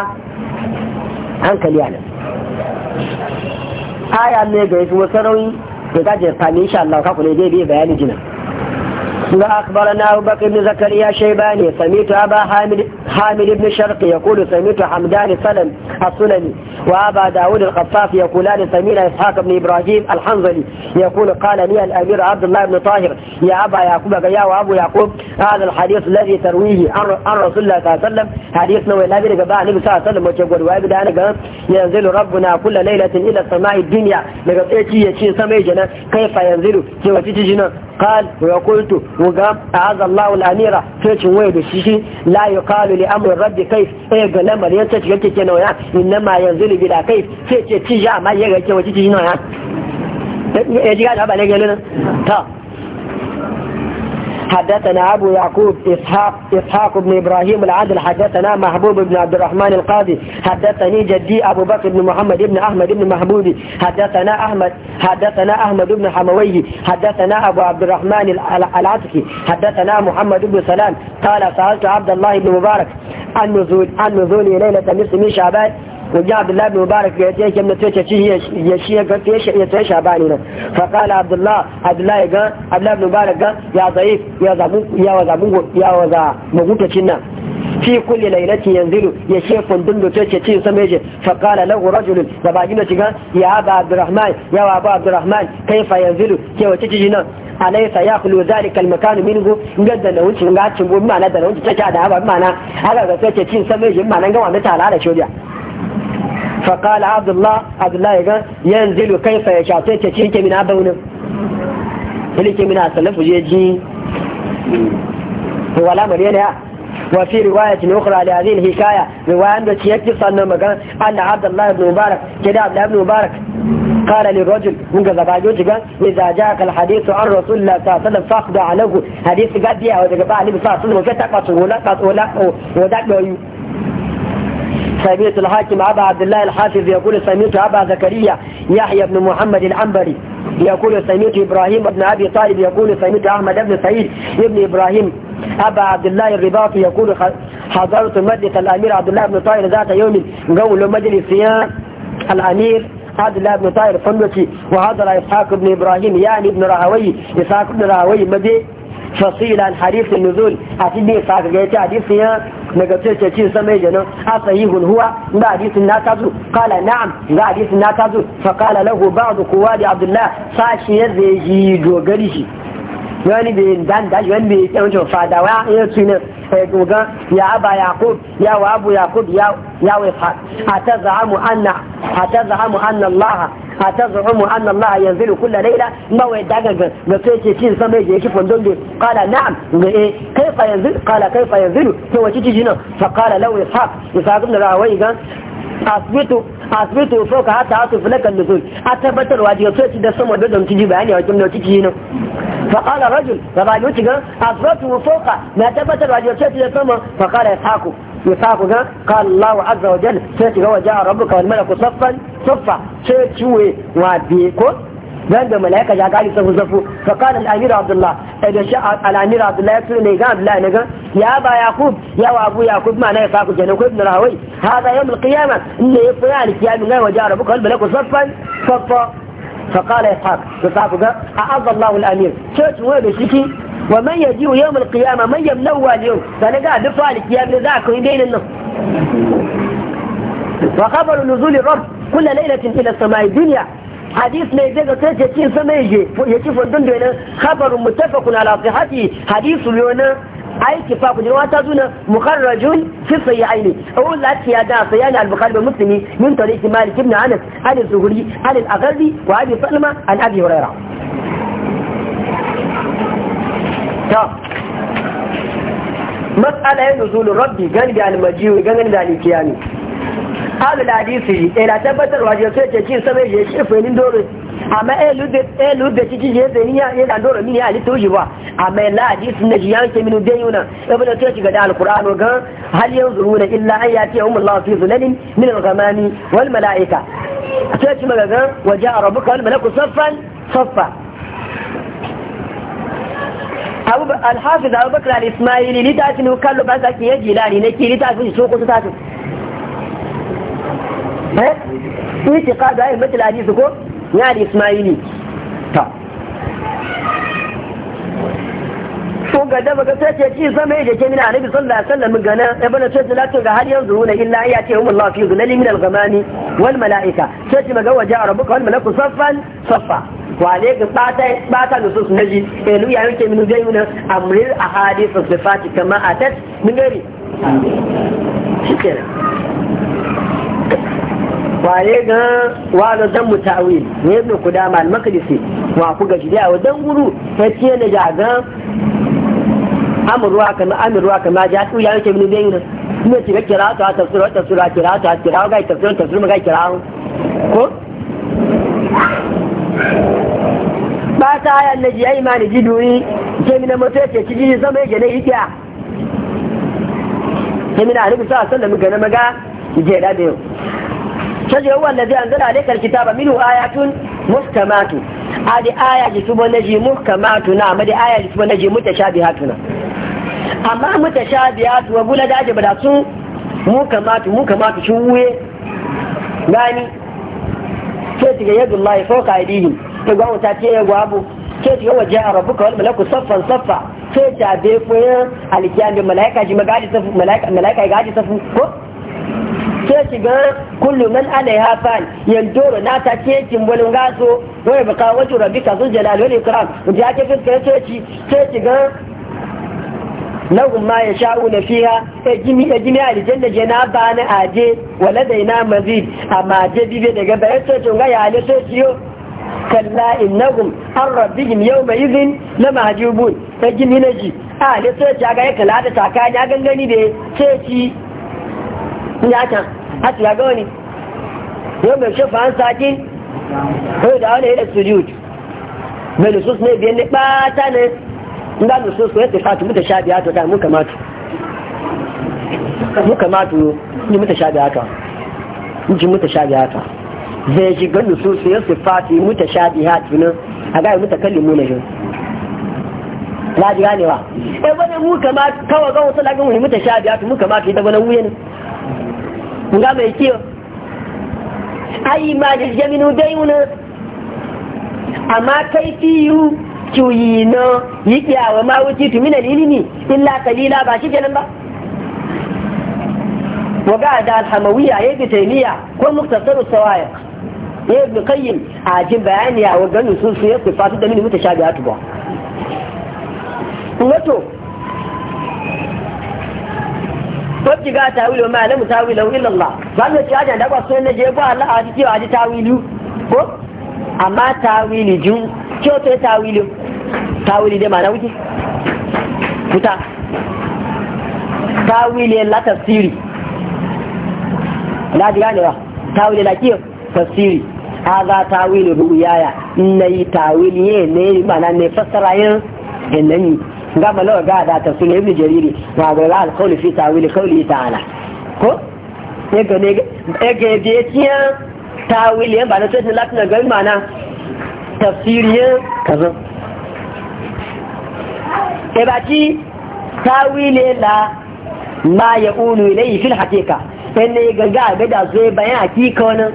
hankali a nan aya mai ga wasu sarauni da ta jefa ne insha Allah ka zai dai bayani jinan وأخبرنا أبو بكر بن زكريا الشيباني سميت أبا حامد, حامد بن شرق يقول سميت حمدان سلم السلمي وأبا داود القفاف يقولان سمينا إسحاق بن إبراهيم الحنظلي يقول قال لي الأمير عبد الله بن طاهر يا أبا يعقوب يا وأبو يعقوب هذا الحديث الذي ترويه عن رسول الله صلى الله عليه وسلم حديث نوي النبي صلى الله عليه وسلم وتقول وأبدا أنا ينزل ربنا كل ليلة إلى السماء الدنيا لقد أتي إيه يتشين إيه سمي جنا كيف ينزل كيف تجينا قال وقلت وقام أعاذ الله الأميرة تيتش ويد الشيشي لا يقال لأمر الرب كيف إيه قال لما ينتج يتك إنما ينزل بلا كيف تيتش تيجا ما يغيك وتيتش نويا يجي إيه قاعد أبا لك يلنا تا حدثنا أبو يعقوب إسحاق إسحاق بن إبراهيم العدل حدثنا محبوب بن عبد الرحمن القاضي حدثني جدي أبو بكر بن محمد بن أحمد بن محبوبي حدثنا أحمد حدثنا أحمد بن حمويه حدثنا أبو عبد الرحمن العتكي حدثنا محمد بن سلام قال سألت عبد الله بن مبارك عن نزول عن نزول ليلة نصف شعبان وجاء عبد الله بن مبارك يتيك من تيتشي يشي يتيش يتيش عباني فقال عبد الله عبد الله قال عبد الله بن مبارك قال يا ضعيف يا زبون يا وزبون يا وزا مغوتشنا في كل ليلة ينزل يشيخ دند تيتشي سميجي فقال له رجل زباجينة تيغا يا أبا عبد الرحمن يا أبا عبد الرحمن كيف ينزل كيف تيتشينا أليس يخلو ذلك المكان منه قد نوانش نغاتش بمعنى نوانش تيتشي هذا بمعنى هذا تيتشي سميجي بمعنى نغوانا تعالى على شو فقال عبد الله عبد الله يقول ينزل كيف يشاء تشيك من أبونا تلك من أسلف جيجي هو لا مليان يا وفي رواية أخرى لهذه الحكاية رواية أنه يكتصى أنه مقام أن عبد الله بن مبارك كده عبد الله بن مبارك قال للرجل من زباجوج قال إذا جاءك الحديث عن رسول الله صلى الله عليه وسلم فاخذ عنه حديث قد يا وذا قال النبي صلى الله عليه وسلم كتقطع ولا قطع ولا وذاك سميت الحاكم أبا عبد الله الحافظ يقول سميت أبا زكريا يحيى بن محمد العنبري يقول سميت إبراهيم بن أبي طالب يقول سميت أحمد بن سعيد ابن إبراهيم أبا عبد الله الرباطي يقول حضرت مجلس الأمير عبد الله بن طاهر ذات يوم قول مجلس الأمير عبد الله بن طاهر فندقي وهذا إسحاق بن إبراهيم يعني ابن راهوي إسحاق بن راهوي مدي fasila al-hadith an-nuzul ati bi sa ga ta hadith ya daga cece cin sama'i ya nan huwa ga hadisin na tazo kala na'am ga hadisin na tazo fa kala lahu ba'd quwadi abdullah sashi ya zai yi dogari shi wani bai dan da wani bai tsawon to fadawa ya tsina sai goga ya aba yaqub ya wa abu yaqub ya ya wa fa atazamu anna atazamu anna allah a ta zama mu an Allah ya yanzu kulla laila ma wai daga ga sai ce cin sama je ki fondon ne kala na'am ga eh fa yanzu kala fa yanzu to wace ci jinan fa kala law ishaq ishaq ibn rawai ga asbitu asibitu so ka hata hatu filakan nuzul a tabbatar wa jiya sai da sama da zamci ji bayani a kin da ciki ne fa qala rajul fa ba yuci ga asibitu fawqa na tabbatar wa jiya sai da sama fa qala yaqaku yaqaku ga qala Allahu azza wa jalla sai ga waja rabbuka wal malaku saffan saffa sai ciwe wa bi ko زند ملائكه جاء قال فقال الامير عبد الله اذا شاء الامير عبد الله يقول لي قال لا نجا يا ابا يعقوب يا ابو يعقوب ما انا فاكو جنك ابن راوي هذا يوم القيامه اللي يفعل يا ابن راوي جاء ربك هل ملك صفا صفا فقال اسحاق اسحاق قال اعظ الله الامير شوف وين شكي ومن يجي يوم القيامه من يملوى اليوم فانا قال لفالك يا ابن ذاك وين النص وخبر نزول الرب كل ليله الى السماء الدنيا حديث ما يجي قصص يتين سما يجي يتين فندم دينا خبر متفق على صحته حديث ليونا أي كفا قد روات أدونا مخرج في الصيحين أقول لك يا دا صيانة البخاري والمسلم من طريق مالك ابن عنس عن الزهري عن الأغربي وعبي صلمة عن أبي هريرة مسألة نزول الرب قال بي عن المجيء وقال بي عن الكياني halin hadisi yana tabbatarwa da sai ce cin sabai ya shi fenin dore amma elu da cikin ya zai ya yana dore mini ya halitta wuce ba amma la hadisi na ji yanke minu dai yuna ibn sai shiga da alqur'ano ga hal yanzuru na illa an yati hum Allah fi zulalin min al-ghamami wal malaika sai ci magaga waja rabbuka wal malaku saffan saffa Abu Al-Hafiz Abu Bakr Al-Ismaili litafin kallo ba zaki yaji lani ne ki litafin so ko ta tafi eh itiqadu ayi matal hadisi ko ya da ismaili ga da baka sai ce ci zama yake ke min annabi sallallahu alaihi wasallam gana ibn eh sai salatu ga har yanzu ne illa ya ce hum Allah fi dhulali min al-ghamami wal malaika sai ce maga waja rabbuka wal malaku saffan saffa wa alayka bata bata da su naji elu eh, ya yake min zai yuna amril ahadith sifati kama atat min gari shikenan waye ga wani dan mutawil ne ibn kudama al-maqdisi wa ku ga jiya wa dan guru ta ce ne ga ga amruwa kama amruwa ma ja tu ya yake bin bin kuma ci ga kira ta sura ta sura kira ta kira ga tafsir tafsir ga kira ko ba ta ne ji ai ma ni jiduri ke na mutu ce ci ji zama yake ne ikiya ke mina alibi sa a ga na maga ji da da yau shaje huwa zai anzala alayka alkitaba minhu ayatun muhkamatu adi aya ji tubo naji muhkamatu na amma aya ji tubo naji mutashabihatu na amma mutashabihatu wa gula daji bada su muhkamatu muhkamatu shi wuye gani ke tiga yadullahi fawqa aydihim to gwa ta ce ya gwabo ke tiga waje a rabbuka wal malaku saffan saffa ke ta be koyan alkiyami malaika ji magaji safu malaika malaika gaji safu ko sai ki ga kullu man alaiha yanzu yandoro na ta ce kin bulun gaso wai baka rabbi ka zul jalal wal ikram ji ake fiska ce ki sai ki ga lahum ma e e na fiha gimi ejimi aljanna jana bana aje waladaina mazid amma aje bibe daga ya ce to ga ya ne so ciyo kalla innahum an rabbihim yawma idhin lama gimi e ne ji a ne so ta ga ya kala da takani gangani da ce ci ya can a ci ga wani yau mai shafa an saki kawai da wani yadda sujud mai lusus ne biyan ne ɓata ne inda lusus ko yadda fatu muta sha biya to da muka matu muka matu ni muta sha biya to ji muta sha biya to zai shiga lusus ya fatu, muta sha biya tunan a gaya muta kallimu na yau laji ganewa ɗan wani muka ma kawai ga wasu lagin muhimmata sha biya to muka matu ita wani wuyan nga mai kiyo ai ma da jaminu dai wuna amma kai fiyu cuyi no yi kiyawa ma wuce tu minal ilimi illa kalila ba shi kenan ba waga da alhamawiya ya bi taimiya ko muktasaru sawaya ya bi qayyim a jin bayani ya ganin sun su ya kufa su da mini mutashabihatu ba wato wacce ga tawilu ma alamu tawilu illa Allah ba mu ci ajan da ba so ne je ba Allah a ji a ji tawilu ko amma tawilu jun ce to tawilu tawili da mana wuce kuta tawilu la tafsiri la ji gane ba tawili la kiyo tafsiri hadha tawilu ru'yaya nayi tawili ne ne mana ne fassara yin enani gama lawa ga da tafsir ibn jariri wa ga al qawl fi ta'wil qawli ta'ala ko ne ga ne ga ga ta'wil yan ba na sai latin ga mana tafsiriyan kaza e ba ci ta'wil la ma yaqulu ilayhi fil haqiqa ne ga ga ga da zai bayan hakika wannan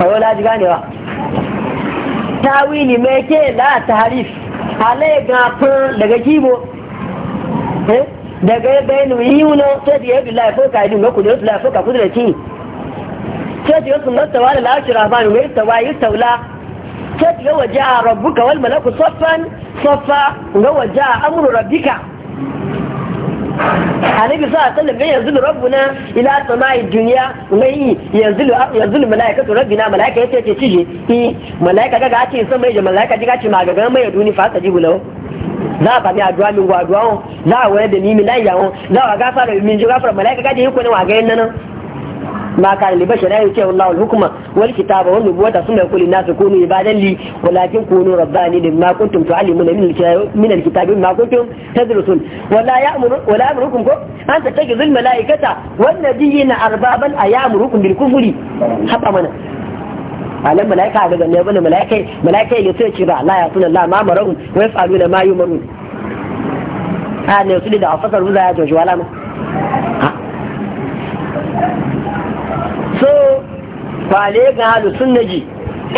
ayo ganewa tawili me ke la tahrif alai gafin daga kibo eh? daga ya bayanu yi wuna sai da ya bi lafi ka yi ga kudu lafi ka kudu da ci sai da yasu mastawa da lafi rahman ga yi tawa yi taula sai da waje a rabbuka wal malaku soffan soffa ga waje a amuru rabbika annabi sa sallam ne yanzu rabbuna ila samai dunya mai yanzu yanzu malaikatu rabbina malaika yace ce cije eh malaika ga ga ce sun mai malaika ga ce magaga mai duni fa ka ji lawo za ba ni addu'a min gwa addu'a za wa da ni mi lai yawo za wa gafara min ji gafara malaika ga je yi ko ne wa ga yin nan ما كان لبشر أن يؤتيه الله الحكم والكتاب والنبوة ثم يقول الناس كونوا عبادا لي ولكن كونوا رباني بما كنتم تعلمون من من الكتاب بما كنتم تدرسون ولا يأمر ولا أمركم أن تتخذوا الملائكة والنبيين أربابا أيأمركم بالكفر حتى منا alam malaika ga ganne bane malaikai malaikai ne sai ce ba la ya sunan la ma marun wa yafaluna ma yumarun a ne su da afasar ruza ya jojo wala ma fale ga halu sunna ji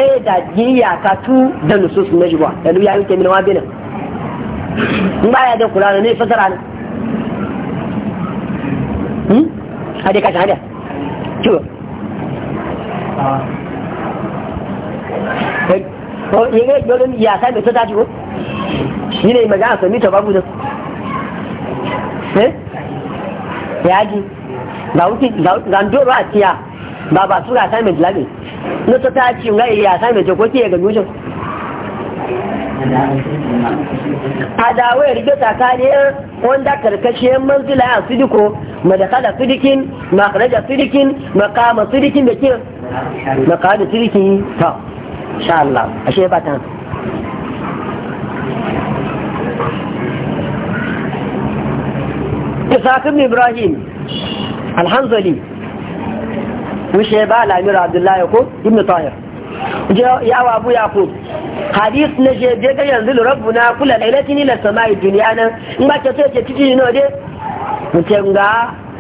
eh da giya ka tu da nusus sunna ji ba da ya yake min wa bina in ba ya da qur'ani ne fasara ne hmm hade ka ta hade to ko eh, yake dole ya sai mai ta ji yi shi ne magana sami ta babu da eh ya ji ga wuce ga ndoro a tiya ba ba su ga assignment labe na ta ta ci ga iya assignment ko ke ga gushin a dawo ya rige tsakaniyar wanda karkashiyar manzila a sidiko madakala sidikin makaraja sidikin makama sidikin da ke makama sidikin ta sha Allah a shi ba ta Isaakin Ibrahim Alhamdulillah wuce ba lamir abdullahi ko ibn tahir ya wa abu yaqub hadith na je je ga yanzu rabbuna kula lailatin ila samai duniya nan in ba ce ce titi no de mutum ga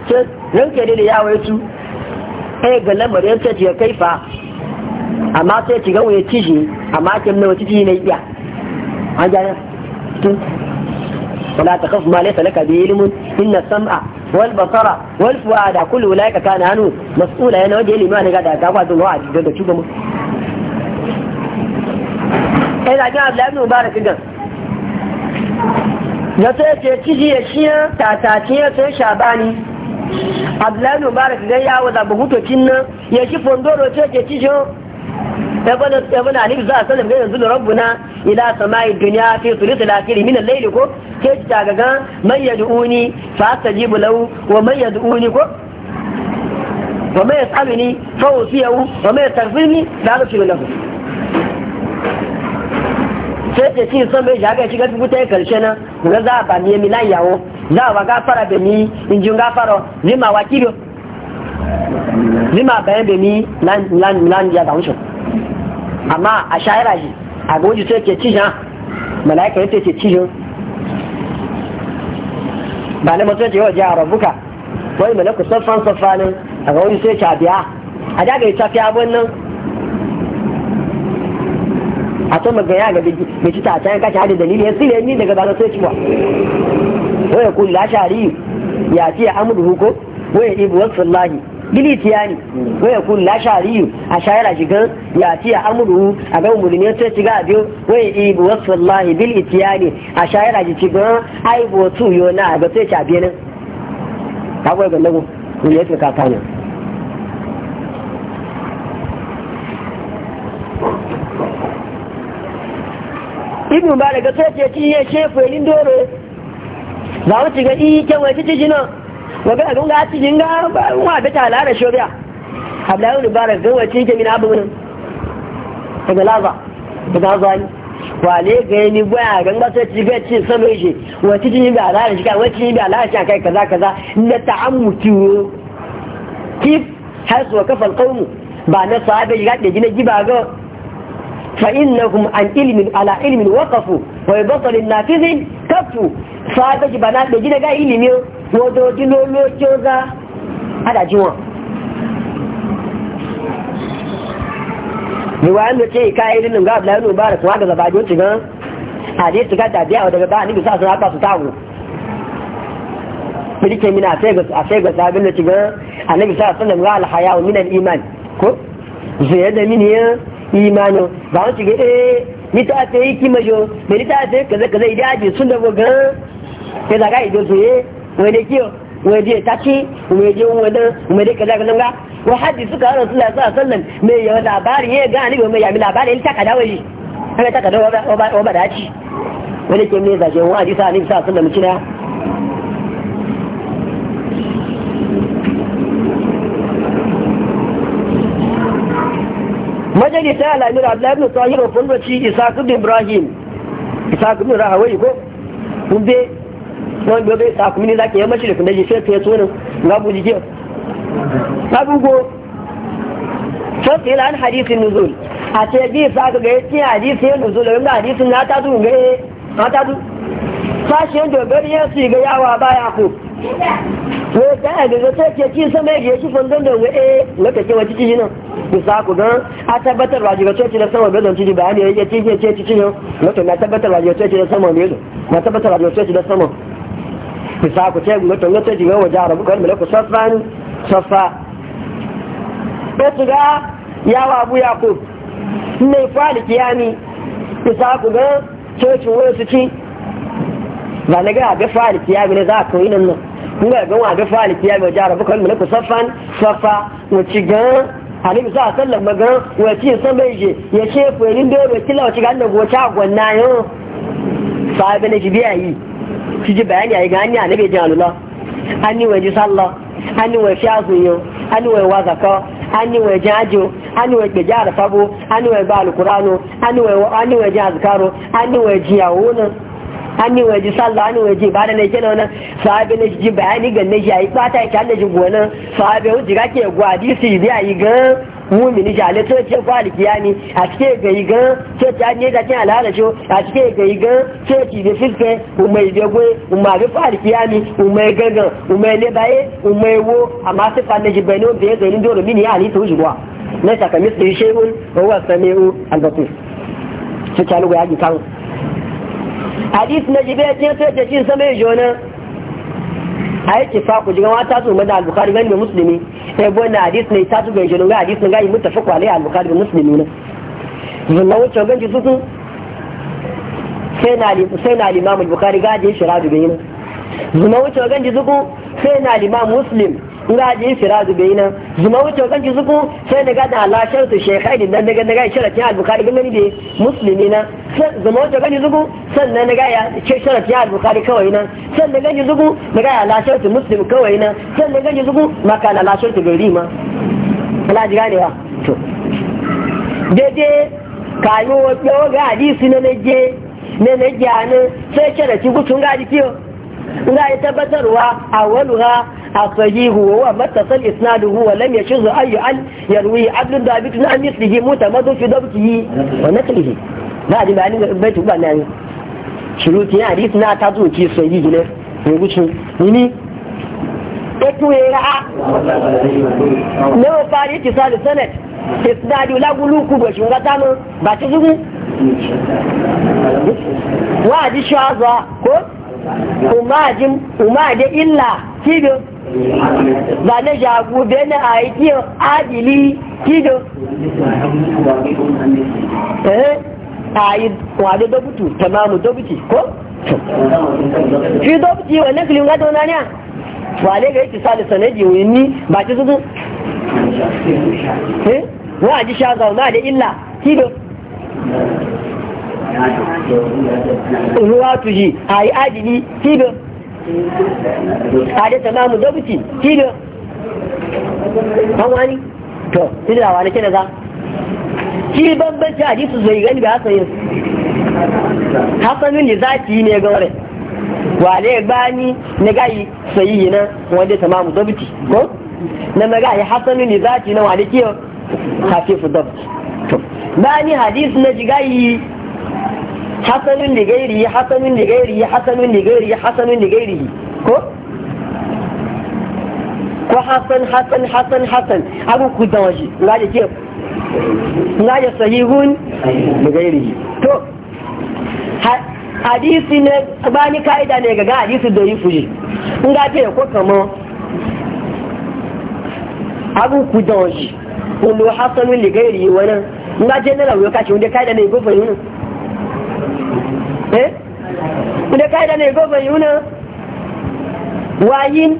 ce ranke da ya waye su eh ga lamarin ta ce kaifa amma sai ci ga waye tiji amma kin nawa tiji ne iya an ga wala takhaf ma laysa laka bi ilmun inna sam'a wal basara wal fuada kullu ulaika kana hanu mas'ula yana waje limani ga da ga kwa zuwa da da tuba mu sai da ga Abdullahi ibn Mubarak ga na sai ce ciji ya shiya tatace ya sai shabani Abdullahi ibn Mubarak ga ya waza buhutocin nan ya shi fondoro ce ce cijo ibn ali za a sanar yanzu da rabbuna ila sama'i dunya fi sulisu lafiri min ko ke fa wa ko wa wa sai ta son bai jaga shi garbi buta ya karshe na ga za a ba ni yami yawo za a ba fara da ni in ji gafara ni ma wakilo ni ma bayan da ni nan ya amma a shayara shi a goji sai ke cishin mala'ika yace ke cishin ba na mutum ce yawa jiya rabuka wani malaku saffan saffanin a ga wani sai ke abiya biya a daga yi tafiya abin nan a to magana ga bai ci ta can kashi hada dalili ya sile ni daga zanen sai ciwa wai ya kula shari ya ce ya amurhu ko wai ya ibu wasu lahi bilitiyani wa yakun la shariyu a shayara shiga ya ci amuru a ga umurni sai shiga a biyu wa ibu wasu wasallahi bilitiyani a shayara shi shiga ai bo yo na ga sai ta biyu nan ka ga nago ne yake ka kana ibnu ba daga sai ce ci ya shefu elin dore za mu shiga i kyan wai ci jina waga a gunga ci jinga ba wa bita lara shobiya abdullahi mubarak gawace ke min abu nan daga laza daga zani wale ga ni baya ga ba sai ci ga ci san mai shi wace jin ga lara shi ka wace jin ga lara shi kai kaza kaza na ta'ammuti kif hasu wa kafa alqawm ba na sahabe ga da gina giba ga fa innahum an ilmin ala ilmin waqafu wa bi basal nafiz kafu sahabe ba na da gina ga ilimi wodoji lóòlóòjì ọgá adájí wọn ni riwayen da ce kayan irin nan gaba lalu ba da kuma da zabajo ci gan a dai su gada biya daga ba ni bisa sun haka su tawo birke mina a sai ga sabin da ci gan a na bisa sun lamura alhaya wa minan iman ko zai da mini ya imanin ba wani shiga eh ni ta ta yi kimajo mai ta ta yi kaza kaza idan aji sun da gogan ya zaga ido zuye wani kiyo wani je ta ce wani je wani wani kaza kaza ga wa haddi suka hana su lasa sallan mai yawan labari ya ga ni mai yami labari ya taka dawo shi haka taka dawo wa ba daci wani ke mai zashe wa hadisa sa ni sa sallan cina majalisa alamir abdullahi ibn tahir wa fulbaci isa ibn ibrahim isa ibn rahawai ko kun wani bebe a kuma ne zaki da kuma ji sai ta yaso nan ga bu jikin ta dugo sai ta yi lan hadisin nuzul a ce bi sa ka ga yace hadisin nuzul wanda hadisin na ta du ga na ta du sashen da ga yawa baya ko to da ga ga ta ce ci sama ya shi fandan da wae laka ce wace ciki nan ku sa a tabbatar ba ga coci da sama ga don ciki bayani ya ce ce ce ciki nan laka na tabbatar ba ga coci da sama ku sa ku ce ngoto ngoto ji gawo jara bu kan malaku safan safa su ga yawa abu ku ne fali kiyami ku sa ku ga cocin wani su ci ba na ga ga fali kiyami ne za ka yi nan nan kun ga ga wa ga fali kiyami wa jara bu kan malaku safan safa mu ci ga Alim bisa a sallar magan ci san bai je ya shefu ya rindo ya kila wace ga annabi da gocha gwanna yau sahabi da shi biya yi shi ji bayani a yi gani a nabi jin alula an ni wai ji sallah an ni wai fi azunyo an ni wai wazaka an ni wai jin ajo an ni wai gbeji a rafabo an ni wai ba alukurano an ni wai jin azkaro an ni wai ji yawo nan an ni wai ji sallah an ni wai ji ba da nake nan sahabi na ji bayani ga na ji a yi bata ya kyalle ji gonan sahabi wuce ke gwa hadisi biya yi gan mumini jale to ce ko alkiyami a cike gayi ga ce ta ne da kin alhala sho a cike gayi ga ce ti da fiske umai da gwe umma bi fa alkiyami umai gaga umai le baye umai wo amma sai fa ne jibeno be ga ni dole mini ya ni to jigwa ne saka misli shay'un wa huwa samiu al-basir su ta lugu ya ji kan hadith na jibe ce to ce cin sama jona a yake fa ku jigan wata su mada al-bukhari gani muslimi eh bo na hadis ne ta su ga jinu ga hadis ne ga yi mutafa kwale al-bukhari muslimi ne na wuce ganji su su sai na sai na al-imam al-bukhari ga je shirabi bayin zalla wuce ganji su sai na al-imam muslim nga ji firadu bai nan zuma wuce kan ki suku sai daga da Allah shartu shaykhai dan daga daga sharatin al-bukhari bin ne be muslimi na zuma wuce kan ki suku sannan daga ya ce sharatin al-bukhari kawai nan sannan daga ki suku daga ya Allah shartu muslim kawai nan sannan daga ki suku maka Allah shartu gari ma Allah ji ganewa to daidai kayo wa ga hadisi na naje na naje anan sai sharatin gutun ga hadisi ina ya tabbatarwa a waluha a sahihu wa matasal isnaduhu wa lam yashizu ayyu an yarwi abdul dabit na mislihi mutamaddu fi dabtihi wa naklihi na ji bayani baitu ba nan shuruti ya hadisi na ta zo ki sahihi ne ne gucin ni etuwera ne o fari ti sa senate isnadu lagulu ku go shunga tano ba ti zugu wa di shaza ko umma da illa kidin ba na jagu da na aiki adili kidin eh ayi wade dabutu tamamu dabuti ko fi dabuti wannan kilin gado na ne wale ga yake sa da sanadi wani ba ki zuzu eh wa ji sha zauna da illa kidin ruwa tuji a yi adini tido a da tamamu dabuti tido an wani to tunda wani kina za shi bambanci a jisu zai gani ba hasa yin hasanin da yi ne ga wani ba ni na gayi sayi yi na wanda mu dabuti ko na magayi hasanin da yi na wale kiyo hafifu dabuti ni hadisi na jigayi hasanin da gairi hasanun da gairi hasanin da gairi hasanun da gairi ko ko hasan hasan hasan hasan abu ku da waje la ya ke la ya sahihun da gairi to hadisi ne ba ni kaida ne ga hadisi da yi fuji in ga ce ko kama abu ku da waje kullu hasanun da gairi wannan in ga general ya kace wanda kaida ne go fahimta eh inda kaida ne gobe yuna wayin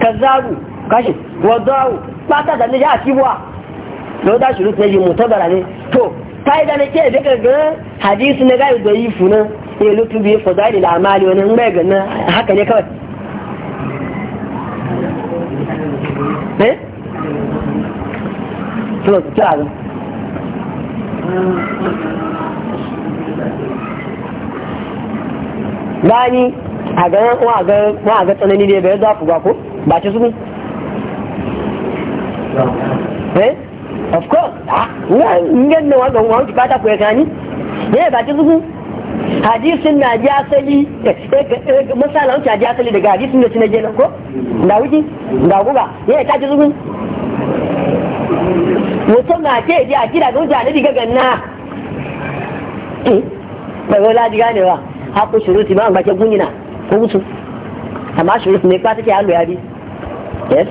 kazaru kashi wadawu fata da ne ya kibwa lo da shuru sai yi mutabara ne to kaida ne ke daga ga hadisi na gayu da yifu na ya lutu bi fadali al-amali wani mai ganna haka ne kawai eh to tsara gani a ga wa ga tsanani ne bai za ku ba ko ba ce su eh of course ah, ah ngan ne wannan wa ki bata ku ya gani ne eh, ba ce su hadisin na ji asali eh, eh, misali wuce ji asali daga hadisin da sinaje nan ko da wuce da guba ya ta ci su mutum na ke ji a kira ga wuce a nadi gagan na eh ba ga ji ganewa haku shuruti ma ba ke gunina ko mutu amma shuruti ne ka take ya yari yes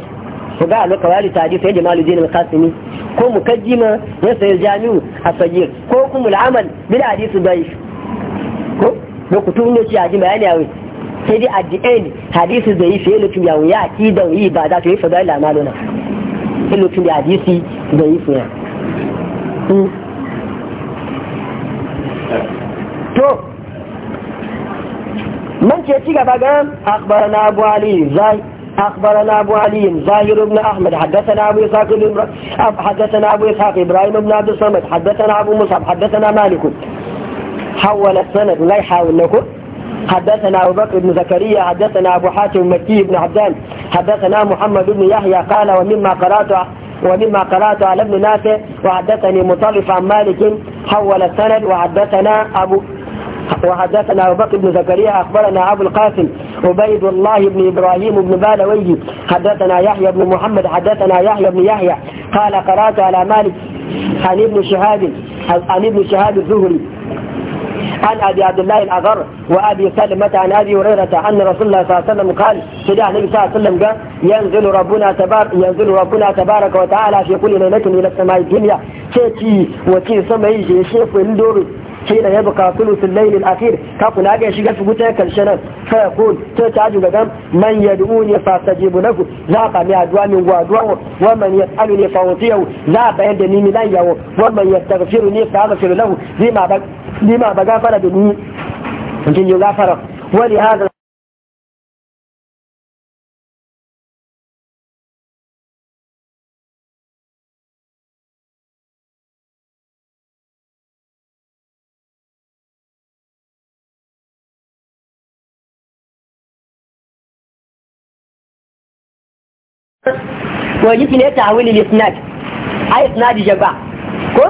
ko ga ka wali tadi sai jamalu din al-qasimi ko mu ma ya sai jami'u a sajir ko kumul amal bil hadisu bai ko ko kutu ne ci aji bayani yawi sai dai at the end yi fiye lokacin lutu ya k'i da yi ba da to yi luna? amaluna lokacin da hadisi yi ya hmm. to من ke ci gaba ga akhbarana abu ali zai أخبرنا أبو علي زاهر بن أحمد حدثنا أبو إسحاق بن حدثنا أبو إسحاق إبراهيم بن عبد الصمد حدثنا أبو مصعب حدثنا مالك حول السند لا يحاول لكم حدثنا أبو بكر بن زكريا حدثنا أبو حاتم مكي بن عبدان حدثنا محمد بن يحيى قال ومما قرأت ومما قرأت على ابن نافع وحدثني مطلف عن مالك حول السند وحدثنا أبو وحدثنا أبو بكر بن زكريا أخبرنا أبو القاسم عبيد الله بن إبراهيم بن بالويه حدثنا يحيى بن محمد حدثنا يحيى بن يحيى قال قرأت على مالك عن ابن شهاب عن ابن شهاب الزهري عن أبي عبد الله الأغر وأبي سلمة عن أبي هريرة أن رسول الله صلى الله عليه وسلم قال سيدنا النبي صلى الله عليه وسلم قال ينزل ربنا تبارك ينزل ربنا تبارك وتعالى في كل ليلة إلى السماء الدنيا تأتي وتي سمعي شيخ الدور حين يبقى ثلث الليل الأخير كقل هذا شيء فقط كالشنان فيقول تتعجب قام من يدعوني فاستجيب له ذاق ميادوان وادوان ومن يسألني فأعطيه ذاق يدني ملايه ومن يستغفرني فأغفر له لما بقى فلا بني يمكن يغفر ولهذا wani ne ta hawili lisnad a isnadi jaba ko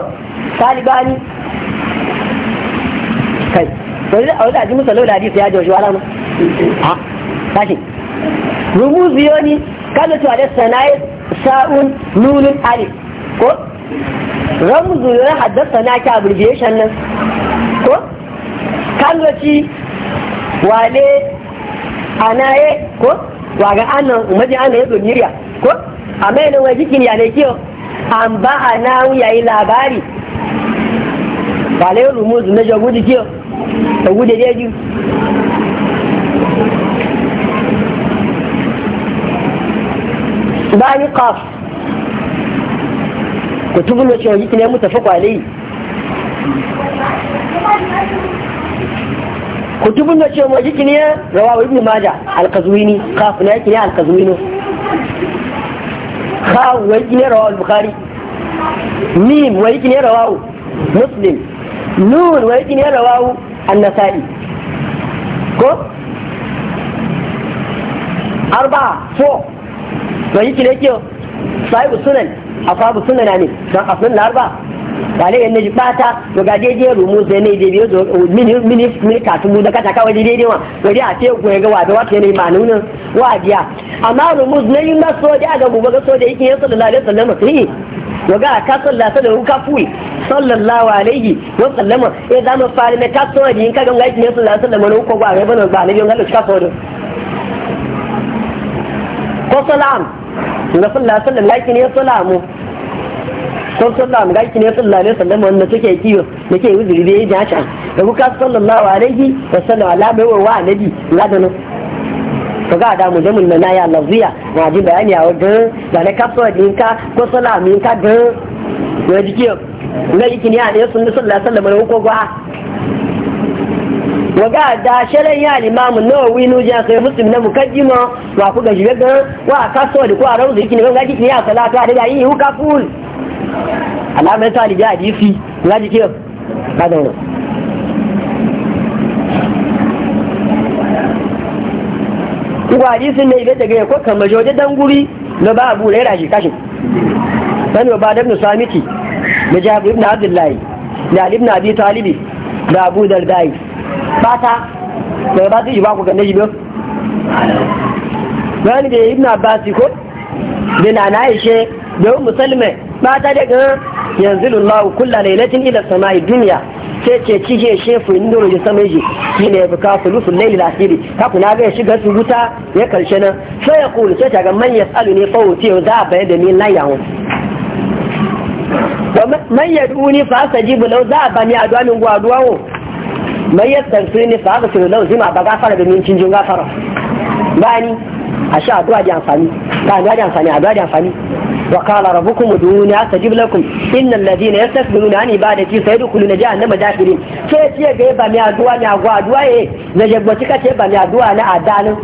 talibani kai wani a wani musa lau da hadisi ya joshi wala mu a tashi rumuzu yoni kala tuwa da sana'i sa'un nunin alif ko ramuzu ya haddasa na ki abbreviation nan ko kangoci wale anaye ko waga anan umaji anan ya zo niriya ko amma yana wani jikin ya ne kiyo an ba a nawu ya yi labari ba lai rumus na jagu da kiyo da gude da yi ba ni kaf tubu jikin ya jikin ya maja ha wai kine rawahu al-bukhari mim wai kine rawahu muslim nun wai kine rawahu an-nasa'i ko arba fo wai kine ke sahibu sunan sunan ne dan asnan arba wale yanne ji bata to ga je je rumu sai ne je biyo to mini mini mini ka tumu da kata kawai dai wa to dai a ce ku ga wa da wa ke ne ma nuna dia amma rumu ne yin da so da ga gobe ga so da yake ya sallallahu alaihi wasallam sai to ga ka sallah ta da ruka fuyi sallallahu alaihi wasallam ya zama ne ka so da yin kaga ngai ne sallallahu alaihi wasallam ko ba ga bana ba ne yin ka so da ko salam sallallahu alaihi wasallam lakin ya salamu kon sallah mu gaki ne sallallahu alaihi wasallam wanda suke kiyo nake wuzuri da yaji haka da kuka sallallahu alaihi wasallam ala bai wa annabi ladan to ga da mu jamun na ya lafiya na ji bayani a wajen da na kafa dinka ko sallah ka da ya ji kiyo ga yake ne a ne sallallahu alaihi wasallam ko gwa waga da shirin ya limamu nawa winu jiya sai muslim na mukaddima wa ku gaji daga wa kaso da ku a rawzu yake ne ga jiki ne a salata da yayi hu kaful alamar ta liya hadisi ga jiki ba da wannan kuka hadisin ne daga ya kwakka majoje dan guri na ba abu raira shi kashin sani ba dabnu samiti da jabir ibn abdullahi da ibn abi talibi da abu dardai bata da ba zai ba ku ga yi ba wani da ibn abbas ko da na na ishe da musulmai bata daga yanzu lullahu kullu lailatin ila samai dunya sai ce cije shefu inda roji sama yaji shi ne ya buka su lusun laili lasiri kaku na ga ya shiga su wuta ya karshe nan sai ya kulu sai ta man ya tsalu ne fawo ce za a bayar da ni laya hun man ya duni fa sa jibu lau za a bani a duwamin gwaduwa hun mai yadda su ne su haka su lau zima ba gafara da mincin jin gafara ni, a sha addu'a da amfani ba addu'a da amfani addu'a da amfani wa qala rabbukum ud'uni astajib lakum innal ladina yastakbiruna an ibadati sayadkhuluna jahannama dakhirin sai ce ga ba mi addu'a mi agwa addu'a eh na jabbati kace ba mi addu'a na adalin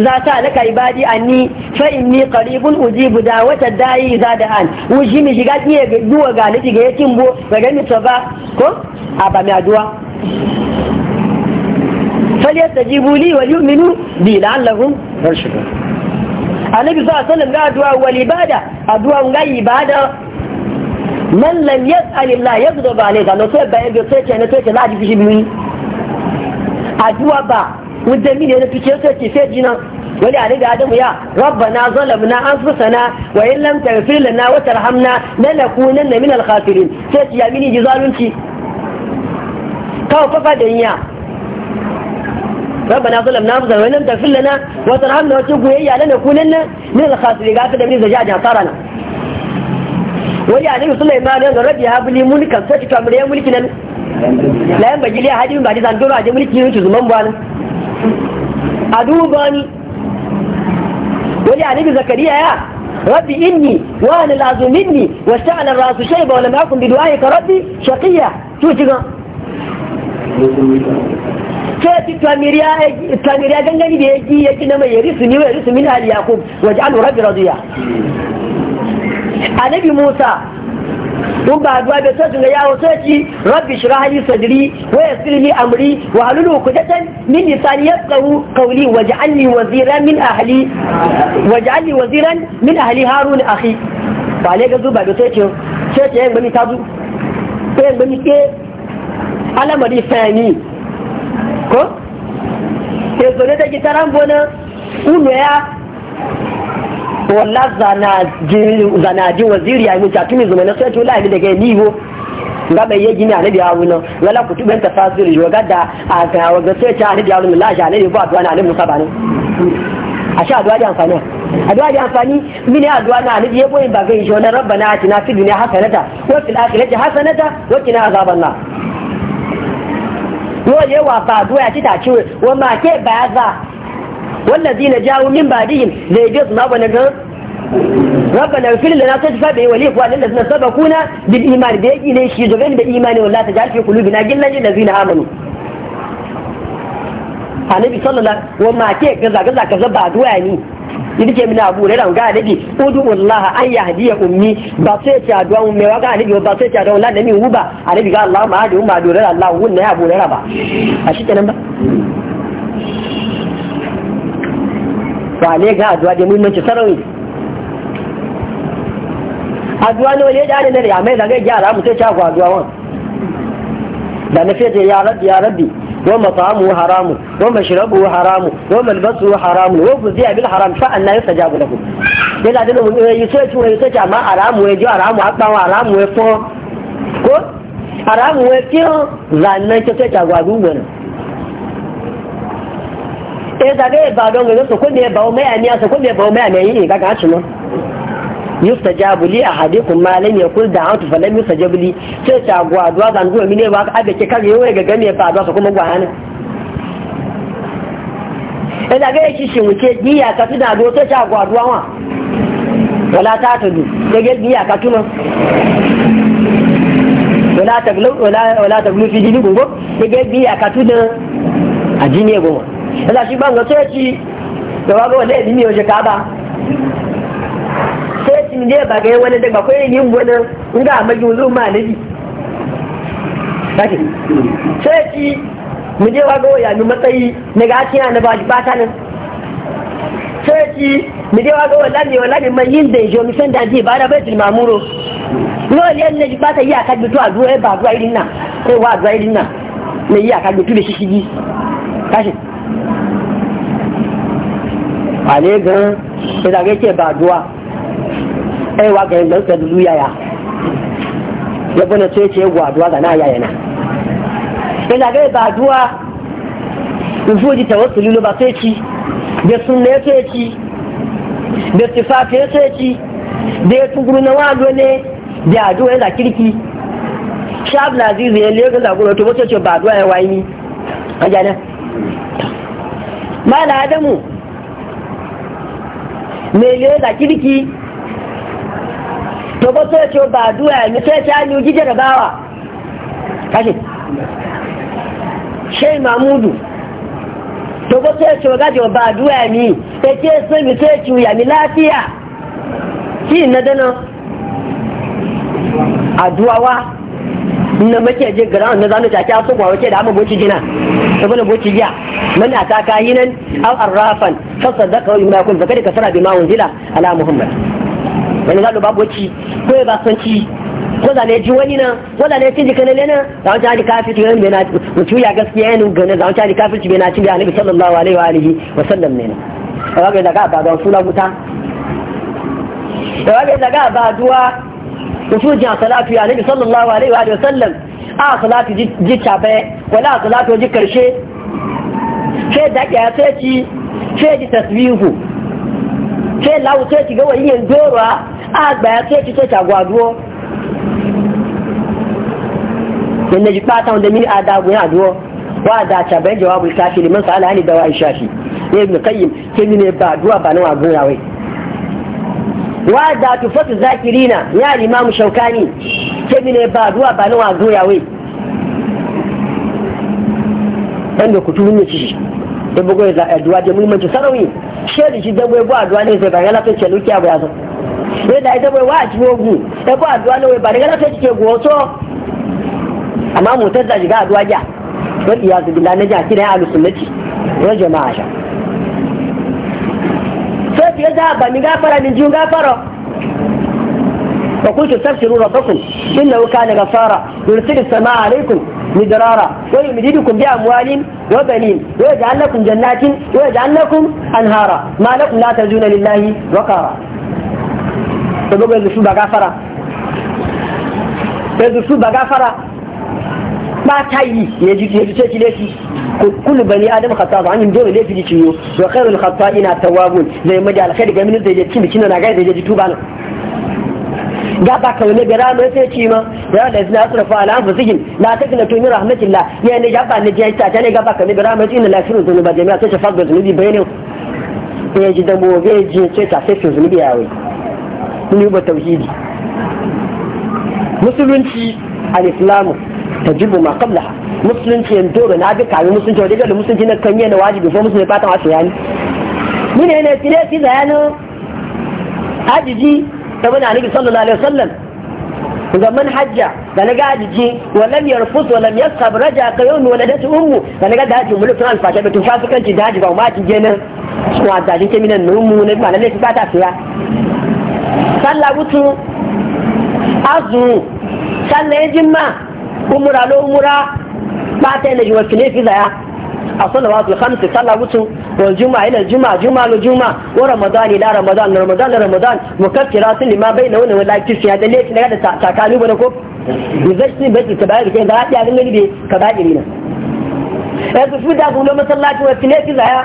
za ta laka ibadi a ni fa in ni karibun ujibu da wata dayi za da an wuji mi shiga kiye duwa ga ni ga yakin bo ga gani ta ba ko a ba mi aduwa falyastajibu li wal yu'minu bi la'allahum yarshuduna annabi sallallahu alaihi wasallam ga duwa wal ibada aduwa ga ibada man lam yas'al Allah yaghdab alayhi da no sai ba yaje sai ce ne sai ce na ji bi mi aduwa ba wajen mini da fice su ke sai jina wani a daga adamu ya wa in lam taghfir lana wa tarhamna lanakunanna min al sai ya mini ji zalunci kawo fafa da yiya ربنا ظلمنا انفسنا وان لم تغفر لنا وترحمنا وتغفر هي لنكونن من الخاسرين قال كده من زجاجه na. wani a nabi sulaiman ya rabbi biya buli mulkan sai ta mulki nan la bajiliya ba da zan dora je mulki ne zuman ba حدودا ولي عن ابي زكريا يا رب اني وانا العزو مني واشتعل الراس شيبة ولم اكن بدعائك ربي شقية شو تقع فاتي تاميريا جنجاني بيجي يكنما يرسني ويرس من اهل ياقوب واجعله ربي رضيا عن ابي موسى kun ba addu'a bai so ga yawo soci rabbi shirah li sadri wa yassir li amri wa halulu kudatan min lisani yafqahu qawli waj'alni waziran min ahli waj'alni waziran min ahli harun akhi ba le ga zuba da soci soci yan bani tazu ko yan bani ke alamari fani ko ke zo ne da gitaran bona uno ya wala zanaji waziri ya mutu tuni zuma na sai la mi daga ni go Nga bai yaji ne anabi awu no wala kutuban tafasir yo ga da a ga wa ga sai ta anabi awu la ja ne ba duwa na anabi musa bane a sha duwa da amfani addu'a da amfani mini addu'a na alhaji ya boyin ba ga yi na, rabbana atina fid dunya hasanata wa fil akhirati hasanata wa qina azaban nar yo ye wa ba addu'a ci ta ci wa ma ke ba za والذين جاءوا من بعدهم ليجد ربنا ربنا اغفر لنا تجفى به ولاخواننا الذين سبقونا bi بيجي ليش يزغن بالايمان ولا تجعل في قلوبنا غلا للذين امنوا annabi sallallahu wa ke gaza gaza kaza ba addu'a ni yadda ke mina abu rera ga annabi udu wallahi an yahdiya ummi ba sai ta addu'a ummi wa ga annabi ba sai ta addu'a la nami uba annabi ga Allah ma hadi umma addu'a Allah wunna ya abu ba a shi kenan ba ba ne ga addu'a da muhimmanci sarawi addu'a ne wani ya ne na ya mai daga gyara mu sai cakwa addu'a wan da na fiye ya rabbi ya rabbi wa mata'amu haramu wa mashrabu haramu wa malbasu haramu wa fuziya bil haram fa anna yusajabu lahu dai da dole mun yi sai tuwa sai amma haramu ya ji haramu abban haramu ya fo ko haramu ya kiyo zannan ke sai cakwa dubu ne e zaga ya ba don gaza sokon da ya bawo mai aniya sokon da ya bawo mai aniya yi ga gaci nan yustajabu li ahadikum ma lam yakul da'atu fa lam yustajabu jabuli sai ta guwa duwa zan gwa mine ba e ka ga ke kare yau ga game fa duwa sokon gwa hanin e zaga ya ci shin wuce diya ka tuna do sai ta guwa duwa wa wala ta tudu daga diya ka tuna wala ta wala wala ta glu fi jini gungo daga diya ka tuna a jini goma yana shi ban ga coci da waga wanda ya dimi yaushe kaba coci ne ba ga wani daga kwaye yin wani nga magi wuzu ma na ji mu je waga waya matsayi na ga ake yana ba ta nan coci mu je waga wala yin da ya jo misan da ji ba da baitul mamuro lọ́ọ̀lì ẹni lẹ́jì bá tẹ̀ yí àkágbé tó àdúrà ẹ̀bà àdúrà ìrìnà ẹwà àdúrà ìrìnà lè yí àkágbé tó lè ṣíṣí yí káṣí ale gan ìdàgé tí ẹ̀bà ẹwà gẹ̀ẹ́ lọ tẹ̀lú yáyà lọ́gbọ́nà tó ẹ̀kẹ́ wọ àdúwà gà náà yáyà náà ìdàgé ẹ̀bà àdúwà ìfú òjì tẹ̀wọ́ tìlú tó ẹ̀kí tó ẹ̀kí bẹ̀sùfà tẹ̀ tó ẹ̀kí bẹ̀ẹ́tùgùrù náà wà na zizi ya to ba ya ni adamu mele da kirki to ba so ce ba duwa ne sai ta ni gije da kashi shey mamudu to ba so ce ga jo ba duwa ni sai ke so mi ci ya mi lafiya shi na dana aduwa na make je gara na zanu ta ta ba wace da amma boci gina saboda boci giya man ata aw arrafan fa sadaka kun zakari kasara unzila ala muhammad wani zalu ba boci ko ba san ko da ne ji wani nan ko da ne na usujin a salatu ya nabi sallallahu alaihi wa sallam a salatu ji cabe wala a salatu ji sai da ya sai ci sai ji tasbihu sai lawo sai ci ga wani yin dora a gba ya sai ci sai ta gwaduwo yanda ji fata wanda mini adagun aduwo wa da cabe jawabul kafi liman sa'ala ani dawa ishashi ibn ne ba wadda tufatu zakirina ya limamu shaukani kemi ne ba zuwa ba nawa wazo yawe wanda ku tuhun ne shi da bugu ya addu'a da muhimmanci sarawi shedi shi da bai ba addu'a ne zai ba yana tace lukiya ba yazo sai da ita bai wa a cikin ogu sai ba addu'a ne ba daga tace ke goso amma motar da shiga addu'a ja wal iyazu billahi na ja kidan alusunnati wa jama'a sha sai ya ja ba ni gafara ni وقلت استبشروا ربكم انه كان غفارا يرسل السماء عليكم مدرارا ويمددكم باموال وبنين ويجعل لكم جنات ويجعل لكم انهارا ما لكم لا ترجون لله وقارا فبقول يزفوا بغفرا يزفوا بغفرا bata yi ya ji ya ce laifi kullu bani adam khata ba an dole laifi ji ciyo wa khairul khata'ina tawwabun zai maji alkhairi ga min zai je cin na ga zai ji tuba na ga ba ka wani gara mai sai ci ma ya da zina surfa ala anfusihim la takna tu min rahmatillah ya ne jaba ne je ta ne ga ba ka ne gara mai inna lafiru zunuba jami'a sai ta fadda zunubi bayani ya ji damo ga ji ce ta sai zunubi ya wai ni ba tauhidi musulunci al-islamu tajibu ma qablaha musulunci yan dora na bi kayi musulunci wadda da musulunci na kan yana wajibi ko musulunci fatan wasu yani Ni ne tire ti zayanu hajiji da bana annabi sallallahu alaihi wasallam ga man hajja da na gajiji wa lam yarfus wa lam yasab raja ka yawmi waladatu ummu da na gaji haji mulkin alfasha da tun fasikanci da haji ba ma ki gena wa da ke keminan numu ne ba lalle ba ta fiya sallah wutu azu sallah jimma umura lo umura ba ta yana ji wakile fi zaya a salawatu khamsi sallah mutu wa juma ila juma juma lo juma wa ramadan ila ramadan na ramadan na ramadan mukaffira sun lima baina wani wala kisi ya dalle ne da takali bane ko bizai bai ta bayar kai da ya ganin ne ka da irina ya su fi da ku gulo masallaci kile fi zaya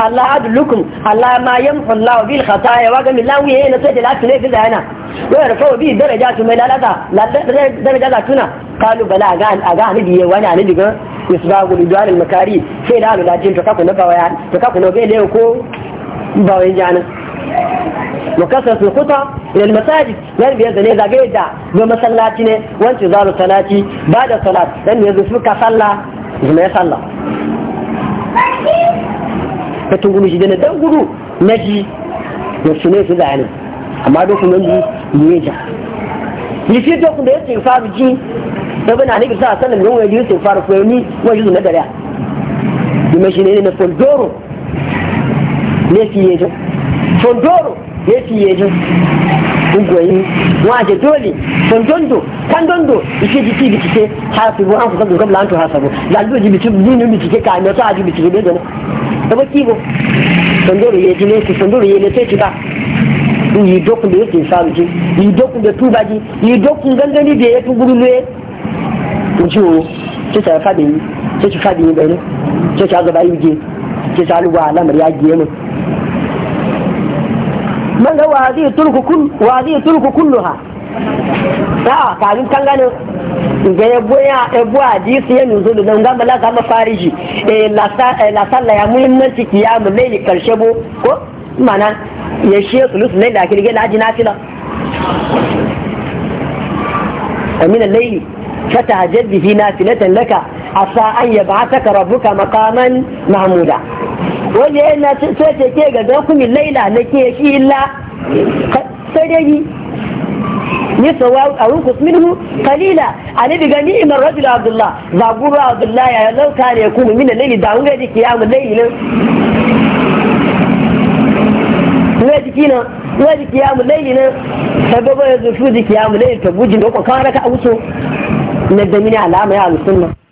Allah adlukum Allah ma yamhu Allah bil khataya wa gami lawi yana sai da lafi ne fi zayana wa yarfa bi daraja tu mai lalata lalata daraja da tuna kalu bala a ga a ga anabi wani anabi ga isbagu lidwan sai da alula jin to kaku na bawaya to kaku na bele ko bawayin jana وكثرة الخطى إلى المساجد لأن بيزن إذا قيدا بمسلاتنا وانتظار الصلاة بعد الصلاة لأن يزن فيك صلى زما يصلى فتنقل جدنا دنقلوا نجي نفسنا في ذلك amma dokun nan yi ya ja yi fi dokun da ya ce fa ji ebe na anabi sa alaihi wasallam yawon yaji yusuf faru ko ni wani yuzu na gariya dima shi ne na fondoro ne fi yejo fondoro ne fi yejo ungoyi waje dole fondondo kandondo ike jiki bitike hasibu an fuka dukkan lantu hasibu lalu ji bitu dinu bitike ka ne to aji bitike bezo ne ebe kibo fondoro yeji ne ki fondoro ye ne ci ba yi dokun da yake saruji yi dokun da tubaji yi dokun gangani da ya tuguru ne ojú o tí sàrẹ́ fàbíyí tí ti fàbíyí bẹ̀rẹ̀ tí ti azọba yìí gé tí ti alúwa alámọ̀rí agé mọ̀. mọ́lẹ̀ wàhálì ìtúrùkù kúlù ha náà kàrin kanganin ga yabo hadisi ya nuzulu nan ga malaka mafariji eh la salla e, ya muhimmanci kiyamu karshe bo ko mana ya shi sulus laila kirge na ji nafila amina laili sata jaddada na fi na tallaka, asa anya ba'a saka rabuwa a makaranta namuda. Wani iya yanzu sai ga dokokin Layla na ke fila tsirai, nisabuwar aron Kusminu Khalila, ya yi na yi zama, minna na yi na yi ci, minna na yi ci, kuma kuma na yi ci, minna na yi ci, minna na yi ci, minna na yi ci, minna na yi ci, minna na yi ci, minna na yi ci, minna na yi ci, minna na yi ci, minna na yi ci, minna na yi ci, minna na yi na gami alama ya alusunna